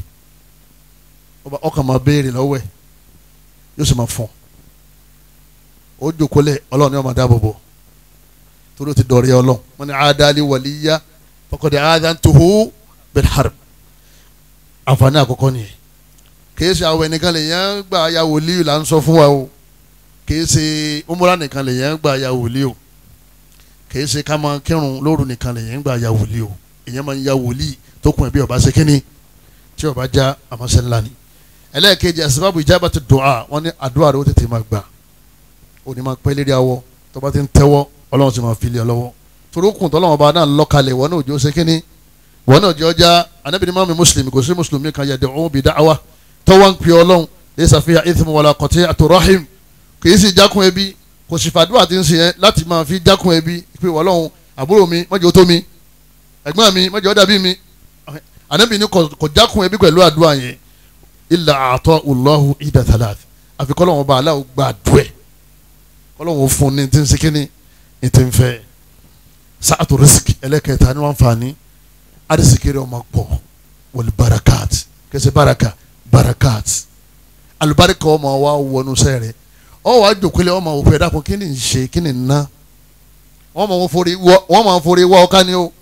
ọkàn máa béèrè lọ́wọ́ ẹ̀ yóò sì máa fún ó jòkólẹ̀ ọlọ́run ni wọ́n máa dáàbò bò torí ó ti dọ̀rẹ́ ọlọ́run wọ́n ní àádáálí wàlíyá faqad aadantuhu bil harb àǹfààní àkọ́kọ́ nìyẹn kìí ṣe àwẹ̀ nìkan lèyàn gbà ya wòlíì là ń sọ fún wa o kìí ṣe umura nìkan lèyàn gbà ya wòlíì o kìí ṣe ká máa kírun lóru nìkan lèyàn gbà ya wòlíì o èyàn máa ń ya wòlíì tó kún ẹ̀ bí ó bá ṣe kínní tí ó já àmọ́ṣẹ́ ńlá ni ẹlẹ́ẹ̀kejì asbabu ijabatu du'a wọ́n ní àdúrà rẹ̀ ó tètè máa gbà ó ní máa pẹ́ lérí awọ tó bá ti ń tẹ́wọ́ ọlọ́run sì máa fi lé ọ lọ́wọ́ torúkùn tọ́lọ́wọ́n bá náà lọ́kalẹ̀ wọ́n náà ò jọ ṣe kínní wọ́n náà jọ já anábìrin máa mi mùsùlùmí kò sí mùsùlùmí kan yàdẹ̀ òun bí dáhàwá tọ́wọ́ ń pè ọlọ́run lè ṣàfihàn ithmu wala qati'atu rahim kì í sì jákun ẹbí kò sì fàdúrà tí ń sìn yẹn láti máa fi jákun ẹbí pé ọlọ́run àbúrò mi má jẹ́ ó tó mi ẹ̀gbọ́n mi má jẹ́ ó dàbí mi anábìrin kò jákun ẹbí pẹ̀lú àdúrà yẹn ilà àtọ́ ọlọ́hu ìdá tàlàtì àfi kọ́lọ́wọ́n bá aláwọ̀ gbà dùẹ̀ kọ́lọ́wọ́n fún ní ti ń ṣe kíni ní ti ń fẹ́ sàtò rìsíkì ẹlẹ́kẹta ní wọ́n fani àrísìkì rẹ̀ ọmọ pọ̀ wọlé barakat kẹsẹ̀ baraka barakat alùbáríkà ọmọ wa wọnú sẹ́rẹ̀ ọ wàá jòkúlẹ ọmọ òfin ẹdá kan kí ń ṣe kí ń ná wọn máa forí forí wá ọká ni o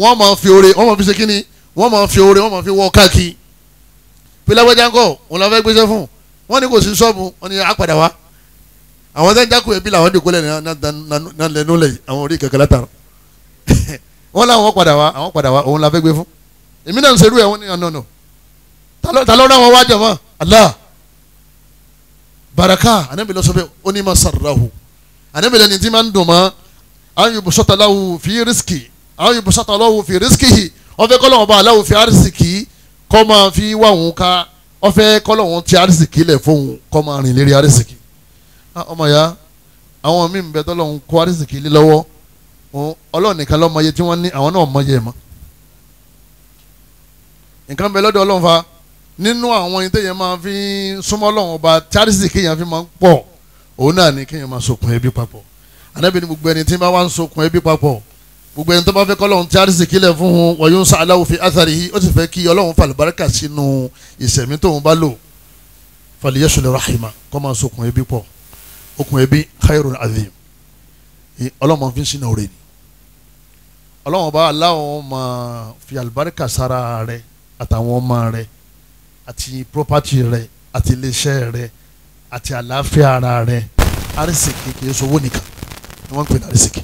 wọn máa fi oore wọn máa fi ṣe kí ni wọn máa fi oore wọn máa fi wá ọká kí pé lágbájá ńkọ́ òun la fẹ́ gbéṣẹ́ fún wọ́n ní kò sí sọ́ọ̀bù wọ́n ní àpàdà wa àwọn tẹ́ ń jákò ẹbí làwọn dìkú lẹ́nu náà lẹ́nu lẹ́yìn àwọn orí kẹ̀kẹ́ látara wọ́n láwọn padà wá àwọn padà wá òun la fẹ́ gbé fún èmi náà ń ẹ̀ wọ́n ní ọ̀nà ọ̀nà ta ló rán wọn mọ́ Allah baraka anabi lọ sọ pé ó ní ma sàràhù anabi lẹni tí ń dùn mọ́ àwọn yòbù fi rísíkì àwọn yòbù sọ́tà fi rísíkì yìí wọ́n fẹ́ kọ́ bá aláwù fi rísíkì kọ́ máa fi wá òun ká ọfẹ́ kọ́lọ́hún ti arísìkí lẹ̀ fóun kọ́ máa rìn lérí arísìkí ah, ọmọ ya àwọn míì ń bẹ tọ́lọ́hún kó arísìkí lé lọ́wọ́ ọlọ́run nìkan lọ́mọye tí wọ́n ní àwọn náà mọye mọ́ nǹkan bẹ lọ́dọ̀ ọlọ́run fa nínú àwọn yìí téèyàn máa fi súnmọ́ ọlọ́run ọba tí arísìkí yẹn fi máa ń pọ̀ òun náà ni kéèyàn máa sokùn ẹbí papọ̀ ànábì ní gbogbo ẹni tí bá wá ẹbí papọ̀ gbogbo ẹni tó bá fẹ́ kọ́lọ́hún tí arísì kílẹ̀ fún un wọ̀nyí ń sọ aláwọ̀ fi áthàrí yìí ó sì fẹ́ kí ọlọ́run falùbáríkà sínú ìṣẹ̀mí tóun bá lò faliyasule rahima kọ́ máa so okùn ẹbí pọ̀ okùn ẹbí khairun azim ọlọ́run fi ń sinú ọ̀rẹ́ ni ọlọ́run bá aláwọ̀ ma fi àlùbáríkà sára rẹ àtàwọn ọmọ rẹ àti property rẹ àti iléeṣẹ́ rẹ àti àlàáfíà ara rẹ arísìkì kì í sọ owó nìkan ni wọ́n ń pè ní arísìkì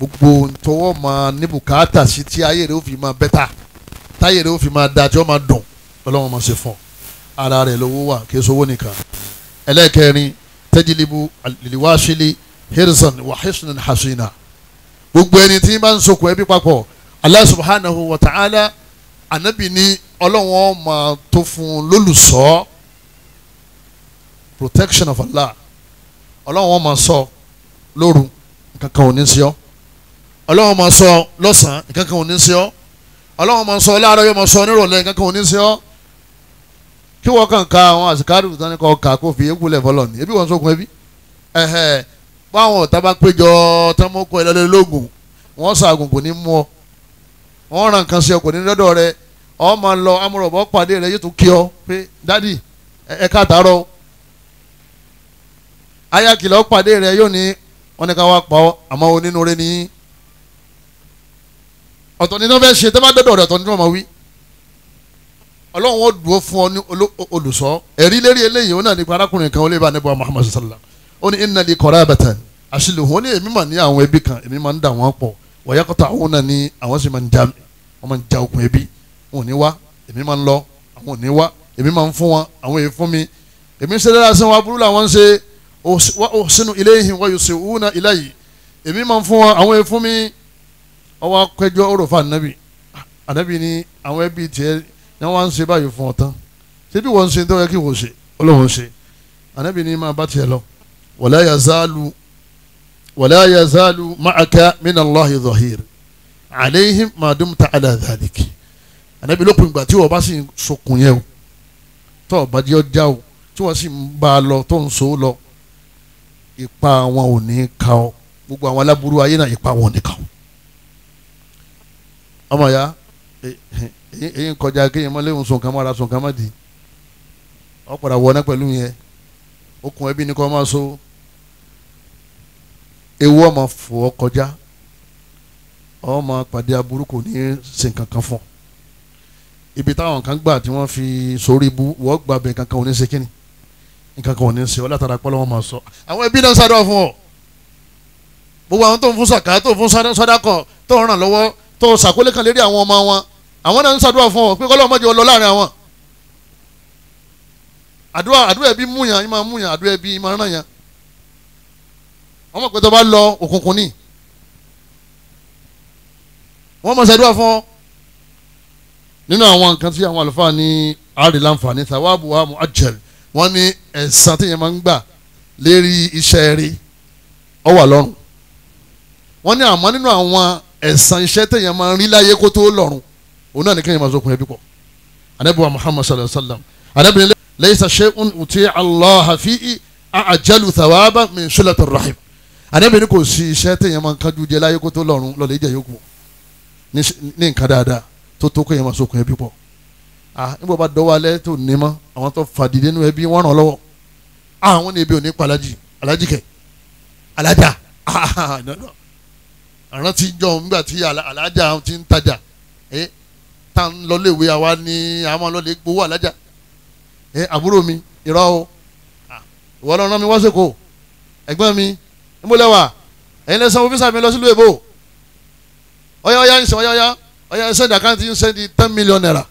gbogbo ntọ́wọ́ máa ní bùkátà sí tí ayé rẹ̀ ó fi máa bẹ́tà táyé rẹ̀ ó fi máa da tí ó máa dùn ọlọ́wọ́n máa ṣe fún ara rẹ̀ lówó wà kí sówó nìkan ẹlẹ́ẹ̀kẹrin tẹ́jìlíbu lìwáṣílì hirzan wàhísùn hasina gbogbo ẹni tí bá ń sokùn ẹbí papọ̀ Allah subhanahu wa ta'ala anabi ni ọlọ́wọ́n máa tó fún lólùsọ́ protection of Allah ọlọ́wọ́n ma sọ lóru kankan ò ní sí ọ́ ọlọ́run ma sọ lọ́sàn-án nǹkan kan ò ní sí ọ́ ọlọ́run máa sọ láàárọ̀ yóò ma sọ nírọ̀lẹ́ nǹkan kan ò ní sí ọ́ kí wọ́n ní kà kó fi eku lẹ̀ fọlọ́ ni ebi wọ́n sókun ẹbí ẹ̀hẹ̀ báwọn ọ̀tá bá péjọ tán mọ́ lóògùn wọ́n ní mú ọ wọ́n ràn sí ọ lọ́dọ̀ rẹ ọ lọ rẹ tún kí ọ pé dádì ẹ pàdé ọ̀tọ̀ ni wọ́n fẹ́ ṣe tẹ́lá dọ́dọ̀ ọ̀tọ̀ ni wọ́n máa wí ọlọ́run ó dúró fún ọ ní olùsọ ẹ̀rí lérí eléyìí ó náà nípa arákùnrin kan ó lè bá nípa muhammadu sallallahu ó ní inna li qarabatan àṣìlò wọn ní èmi mà ní àwọn ẹbí kan èmi mà ń dà wọn pọ̀ wọ̀yẹ́kọ̀tà àwọn náà ní àwọn sì máa ń já okùn ẹbí wọn ò ní wá èmi máa ń lọ àwọn ò ní wá èmi máa ń fún wọn àwọn èyí fún mi èmi ń ṣe dára aburú làwọn ń ṣe ó sínú ilayhim wa yusiuna ilayhi èmi máa ń fún wọn àwọn èyí fún mi ọwọ́ akẹjọ́ ọ̀rọ̀ fún anabi anabi ni àwọn ẹbí tiẹ̀ ni wọ́n ń ṣe báyìí fún ọ̀tán ṣebí wọ́n ń ṣe tó yẹ kí wọ́n ṣe ọlọ́wọ́n ṣe anabi ni máa bá tiẹ̀ lọ wala yazalu wala yazalu ma'aka min Allahi zahir alayhim ma dumta ala dhalik anabi lópin ìgbà tí wọ́n bá sì sokùn yẹn o tó ọba jẹ́ ọjà o tí wọ́n sì ń bá a lọ tó ń so lọ ipa wọn ò ní ka ọ gbogbo àwọn aláburú ayé náà ipa wọn ò ní ka ọ ọmọ ya èyí kọjá kéèyàn mọ́lé ń sùn kàn mọ́ra sùn kàn di ọ̀pọ̀lọpọ̀ wọná pẹ̀lú yẹn okùn ẹbí ni kò máa so ewu ọmọ fò ọ kọjá ọmọ pàdé aburú kò ní sìn kankan fún ibi táwọn kan gbà tí wọ́n fi sórí ibu wọ́n gbà bẹ̀ kankan ò ní ṣe kíni nkankan ò ní ṣe ọ látara pọ́lọ́ wọn máa sọ àwọn ẹbí náà sádọ́ fún ọ gbogbo àwọn tó ń fún sàkà tó ń fún sádọ́kọ̀ tó ń ràn lọ́wọ́ tó ṣàkólé kan lérí àwọn ọmọ wọn àwọn náà ń ṣàdúrà fún ọ pé kọ́lọ́ ọmọdé ọlọ láàrin àwọn àdúrà àdúrà ẹbí múyàn ìmọ̀ múyàn àdúrà ẹbí ìmọ̀ ràn yàn ọmọ pẹ̀tọ́ bá lọ òkùnkùn ní wọ́n mọ̀ ṣàdúrà fún ọ nínú àwọn nǹkan tí àwọn àlùfáà ní àárẹ̀ láǹfààní tàwáàbù wa mu'ajjal wọ́n ní ẹ̀san tí yẹn máa ń gbà lérí iṣẹ́ rí ọ wà lọ́rùn wọ́n ní àmọ́ nínú àwọn ẹ̀san iṣẹ́ tẹ̀yàn máa ń rí láyé kó tó lọ́run òun náà ní kéèyàn máa zokun ẹbí pọ̀ anabi wa muhammad sallallahu alayhi wa sallam anabi ni laysa shay'un uti allah fi ajalu thawaba min sulati rahim anabi ni kò sí iṣẹ́ tẹ̀yàn máa ń kájú jẹ láyé kó tó lọ́run lọ́lẹ̀ ìjà yòókù ní nǹkan dáadáa tó tó kéèyàn máa zokun ẹbí pọ̀ ah níbo bá dọ́wọ́ alẹ́ tó ní mọ́ àwọn tó fàdídé nínú ẹbí wọ́n ràn lọ́wọ́ ah, rántí jọ̀hún nígbà tí alájà ti ń tajà ẹ tá ń lọlé ìwé àwa ni àwọn lọlé gbowó alájà ẹ àbúrò mi irọ́ o ìwọ lọ rán mi wá sèkó ẹ̀gbọ́n mi ìmúlẹ̀wà ẹ̀yin lẹ́sàn fún físà mi lọ sílùú èbó ọ̀yá ọ̀yá ń sẹ́ ọ̀yá ọ̀yá ọ̀yá àkáǹtì ń sẹ́ndì ten million naira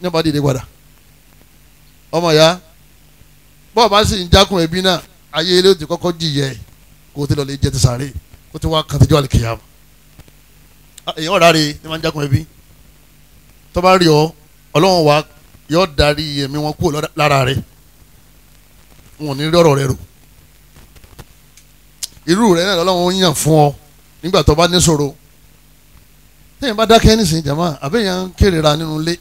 ní ọba dìde padà ọmọ ya bọ́ọ̀ bá sì ń jákun ẹbí náà ayé ilé ti ó ti wá kàtijọ́ àlìkìyàmù ah, èèyàn ọ̀rá rè ni máa ń jákun ẹbí tó bá rí ọ ọlọ́run wa yọ darí ẹ̀mí wọn kúrò lára rẹ wọn ò ní rí ọ̀rọ̀ rẹ rò irú rẹ náà lọ́lọ́run yàn fún ọ nígbà tó bá ní ṣòro téèyàn bá dákẹ́ nísìnyí jàmá àbẹ́yàn kérera nínú ilé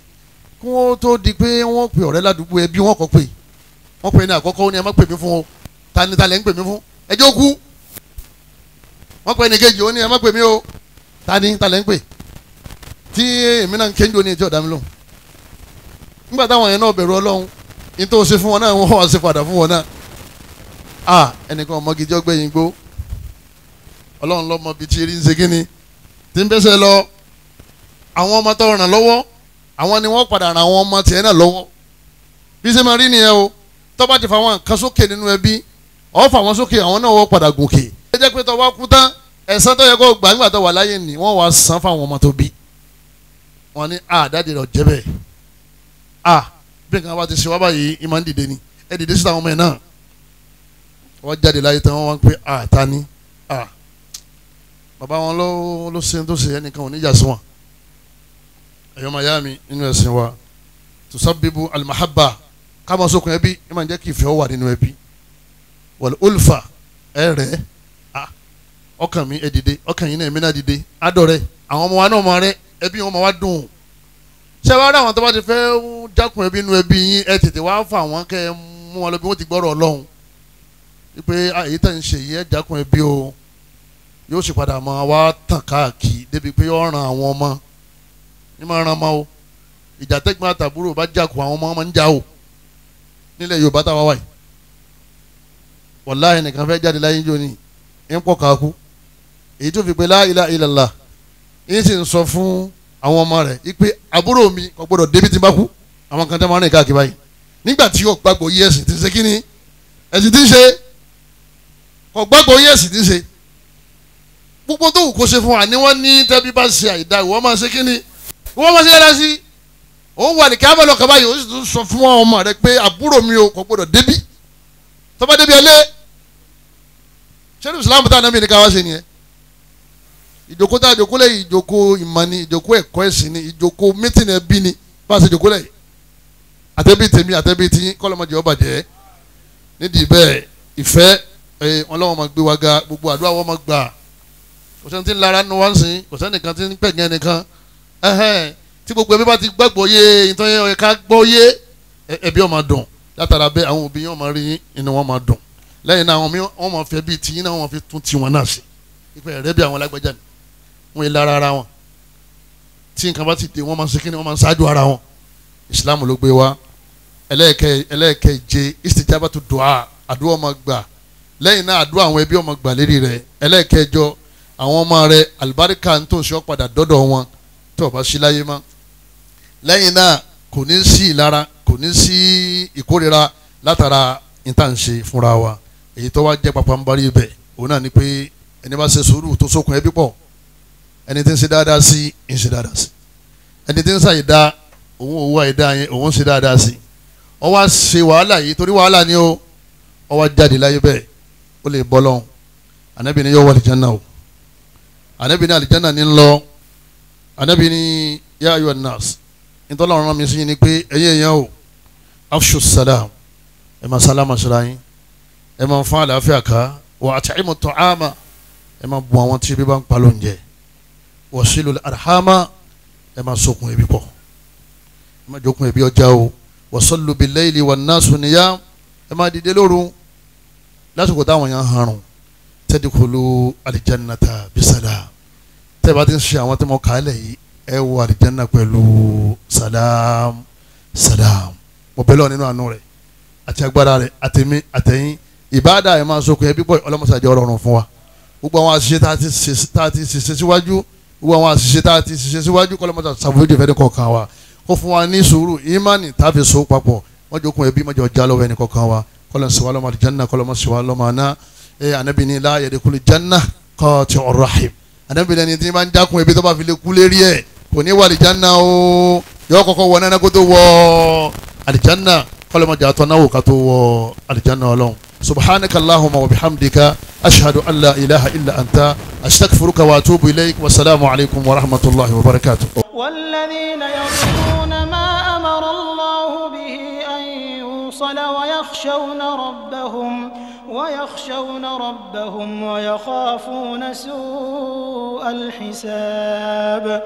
kí wọ́n tó di pé wọ́n pè ọ̀rẹ́ ládùúgbò ẹbí wọn kọ́ pé wọ́n pè ní àkọ́kọ́ ní ẹ má pè mí fún o ta ni ta lẹ́ ń pè mí fún ẹjọ́ kú wọ́n pẹ́ ní kejì ó ní ẹ má pè mí o ta ni ta lẹ́ ń pè tí èmi náà ń kéjì ó ní ẹjọ́ dámi lóhùn nígbà táwọn yẹn náà bẹ̀rù ọlọ́run ní tó ṣe fún wọn náà wọ́n wá fún wọn náà a ẹnìkan gbó ọlọ́run lọ́mọ bíi ń ṣe lọ àwọn ọmọ tó ràn lọ́wọ́ àwọn ni wọ́n padà ràn àwọn ọmọ tiẹ̀ náà o fa àwọn nǹkan sókè nínú ẹbí fà wọ́n sókè àwọn náà ẹ jẹ́ pé tó wá kú tán ẹ̀san tó yẹ kó gbà nígbà tó wà láyé ni wọ́n wá san fáwọn ọmọ tó bí wọ́n ní a ah, dáàdi rẹ̀ jẹ́ bẹ́ẹ̀ a ah, bí nǹkan bá ti ṣe wá báyìí ìmọ̀ ń dìde ni ẹ dìde síta àwọn ọmọ yẹn náà wọ́n jáde láyé tán wọ́n wá ń pè a ah, ta ni a bàbá wọn ló ló ṣe tó ṣe ẹnìkan ò ní yà sí wọn ẹ̀yọ́ máa yá mi nínú ẹ̀sìn wa tùsàbíbu alimahaba ká máa sókun ẹbí ẹ máa jẹ́ kí ìfẹ́ wà nínú ẹbí wal ulfa ẹ̀rẹ́ ọkàn mi ẹ dìde ọkàn yìí náà èmi náà dìde adọ̀rẹ́ àwọn ọmọ wa náà máa rẹ ẹbí wọn máa wá dùn ṣé wàá rí àwọn tó bá ti fẹ́ jákun ẹbí inú ẹbí yín ẹ tètè wá fà wọ́n kẹ́ ẹ mú wọn lọ bí wọ́n ti gbọ́rọ̀ ọlọ́run wípé èyí tẹ̀ ń ṣe yìí ẹ jákun ẹbí o yóò sì padà máa wá tàn káàkiri débi pé ó ràn àwọn ọmọ ní máa ràn ọmọ o ìjà àtàbúrò bá jákun àwọn ọmọ máa ń já o nílẹ̀ Yorùbá táwa wà yìí wàláhì nìkan fẹ́ jáde láyé jóni ń pọ̀ káàkú èyí tó fi pé la ilaha illallah yín sì ń sọ fún àwọn ọmọ rẹ̀ ipe àbúrò mi kò gbọdọ̀ débi tí n bá kú àwọn kan tẹ́ máa ń rìn káàkiri báyìí nígbà tí yóò gbàgbọ́ yí ẹ̀sìn ṣe kí ni ẹ̀sìn tí ń ṣe kò gbàgbọ́ yí ẹ̀sìn ṣe gbogbo tó wù kó ṣe fún wa ni wọ́n ní tẹ́bí bá ṣe àìdá ìwọ́n máa ṣe kí ni ìwọ́n máa ṣe yára sí i òun wà ní kábàlọ kaba yìí ó sì tún sọ fún mi ò kò gbọdọ̀ ìjókòó tá a jókòó lẹ́yìn ìjókòó ìmọ̀ ni ìjókòó ẹ̀kọ́ ẹ̀sìn ni ìjókòó mítìn ẹbí ni bá a ṣe jókòó lẹ́yìn àtẹ́bí tèmi àtẹ́bí tí kọ́lọ́mọdé ọba jẹ́ nídìí bẹ́ẹ̀ ìfẹ́ ọlọ́wọ́n máa gbé wa ga gbogbo àdúrà wọn máa gbà kò sẹ́ni tí ń lara nu wá ń sìn kò sẹ́ni kan tí ń pẹ̀gẹ́ nìkan tí gbogbo ẹbí bá ti gbàgbọ́ yé ìtàn yẹn gbọ́ yé ẹbí wọ́n yé lára ara wọn tí nǹkan bá ti dé wọ́n máa ṣe kíni wọ́n máa ṣáájú ara wọn islam ló gbé wa ẹlẹ́ẹ̀kẹ́ ẹlẹ́ẹ̀keje istijabatu du'a àdúrà ọmọ gbà lẹ́yìn náà àdúrà àwọn ẹbí ọmọ gbà lérí rẹ̀ ẹlẹ́ẹ̀kẹjọ àwọn ọmọ rẹ̀ alibarika ń tó ń sọ padà dọ́dọ̀ wọn tó o bá sí láyé mọ́ lẹ́yìn náà kò ní sí ìlara kò ní sí ìkórira látara ìtànṣe fúnra wa èyí tó wá jẹ́ pàpà ń bari ibẹ̀ òun náà ni pé ẹni bá ṣe sùúrù tó sókun ẹbí pọ̀ ẹni tí ń ṣe dáadáa sí ń ṣe dáadáa sí ẹni tí ń ṣàyè dá òun òwú àyèdá yẹn òun ṣe dáadáa sí ó wá ṣe wàhálà yìí torí wàhálà ni ó ó wá jáde láyé bẹ́ẹ̀ ó lè bọ́ lọ́hùn ànábì ni yóò wọ àlìjánná o ànábì ni àlìjánná ni ń lọ ànábì ni yá ayọ̀ nas ìtọ́lọ́run rán mi sí yín ni pé ẹ̀yin èèyàn o afṣu salam ẹ máa sálámà síra yín ẹ máa fún àlàáfíà ká wà á tẹ̀ ẹ́ mọ̀ tọ́ àmà ẹ máa bu àwọn tí ibi bá ń pa lóúnjẹ wọ́sílù arhama ẹ máa sokùn ẹbí pọ̀ ẹ máa jokùn ẹbí ọjà o wọ́sọ́lù bìlẹ́ẹ̀lì wà násù níyà ẹ máa dìde lóru lásìkò táwọn yẹn ń harun tẹ́díkulu alìjánata bisala tẹ́ bá ń ṣe àwọn tí mo yìí ẹ wọ alìjánná pẹ̀lú salam salam mo bẹ̀ lọ́wọ́ nínú àánú rẹ̀ àti agbára rẹ̀ àtẹ̀mí àtẹ̀yìn ìbáàdà ẹ̀ máa sokùn ẹbí pọ̀ ọlọ́mọṣàjẹ́ gbogbo àwọn àṣìṣe tá a ti ṣiṣẹ́ síwájú kọ́lọ́mọ́tà sàbójú fẹ́ẹ́ kọ̀ọ̀kan wa kó fún wa ní sùúrù ìmánì tàbí so papọ̀ mọ́jọ́kùn ẹbí mọ́jọ́ já lọ́wọ́ ẹnì kọ̀ọ̀kan wa kọ́lọ́ sọ wa lọ́mọ àlìjánná kọ́lọ́ mọ́ sọ wa lọ́mọ àná ẹ ànábì ní la yadkhulu janna qati ar-rahim ànábì ní ẹni tí máa ń jákun ẹbí tó bá fi lè kú lérí ẹ kò ní wà àlìjánná o yọ kọ́kọ́ wọ nánà kó tó wọ àlìjánná kọ́lọ́ mọ́jọ́ àtọ́ náwó ká tó wọ àlìjánná ọlọ́run سبحانك اللهم وبحمدك أشهد أن لا إله إلا أنت أستغفرك وأتوب إليك والسلام عليكم ورحمة الله وبركاته والذين يصلون ما أمر الله به أن يوصل ويخشون ربهم ويخشون ربهم ويخافون سوء الحساب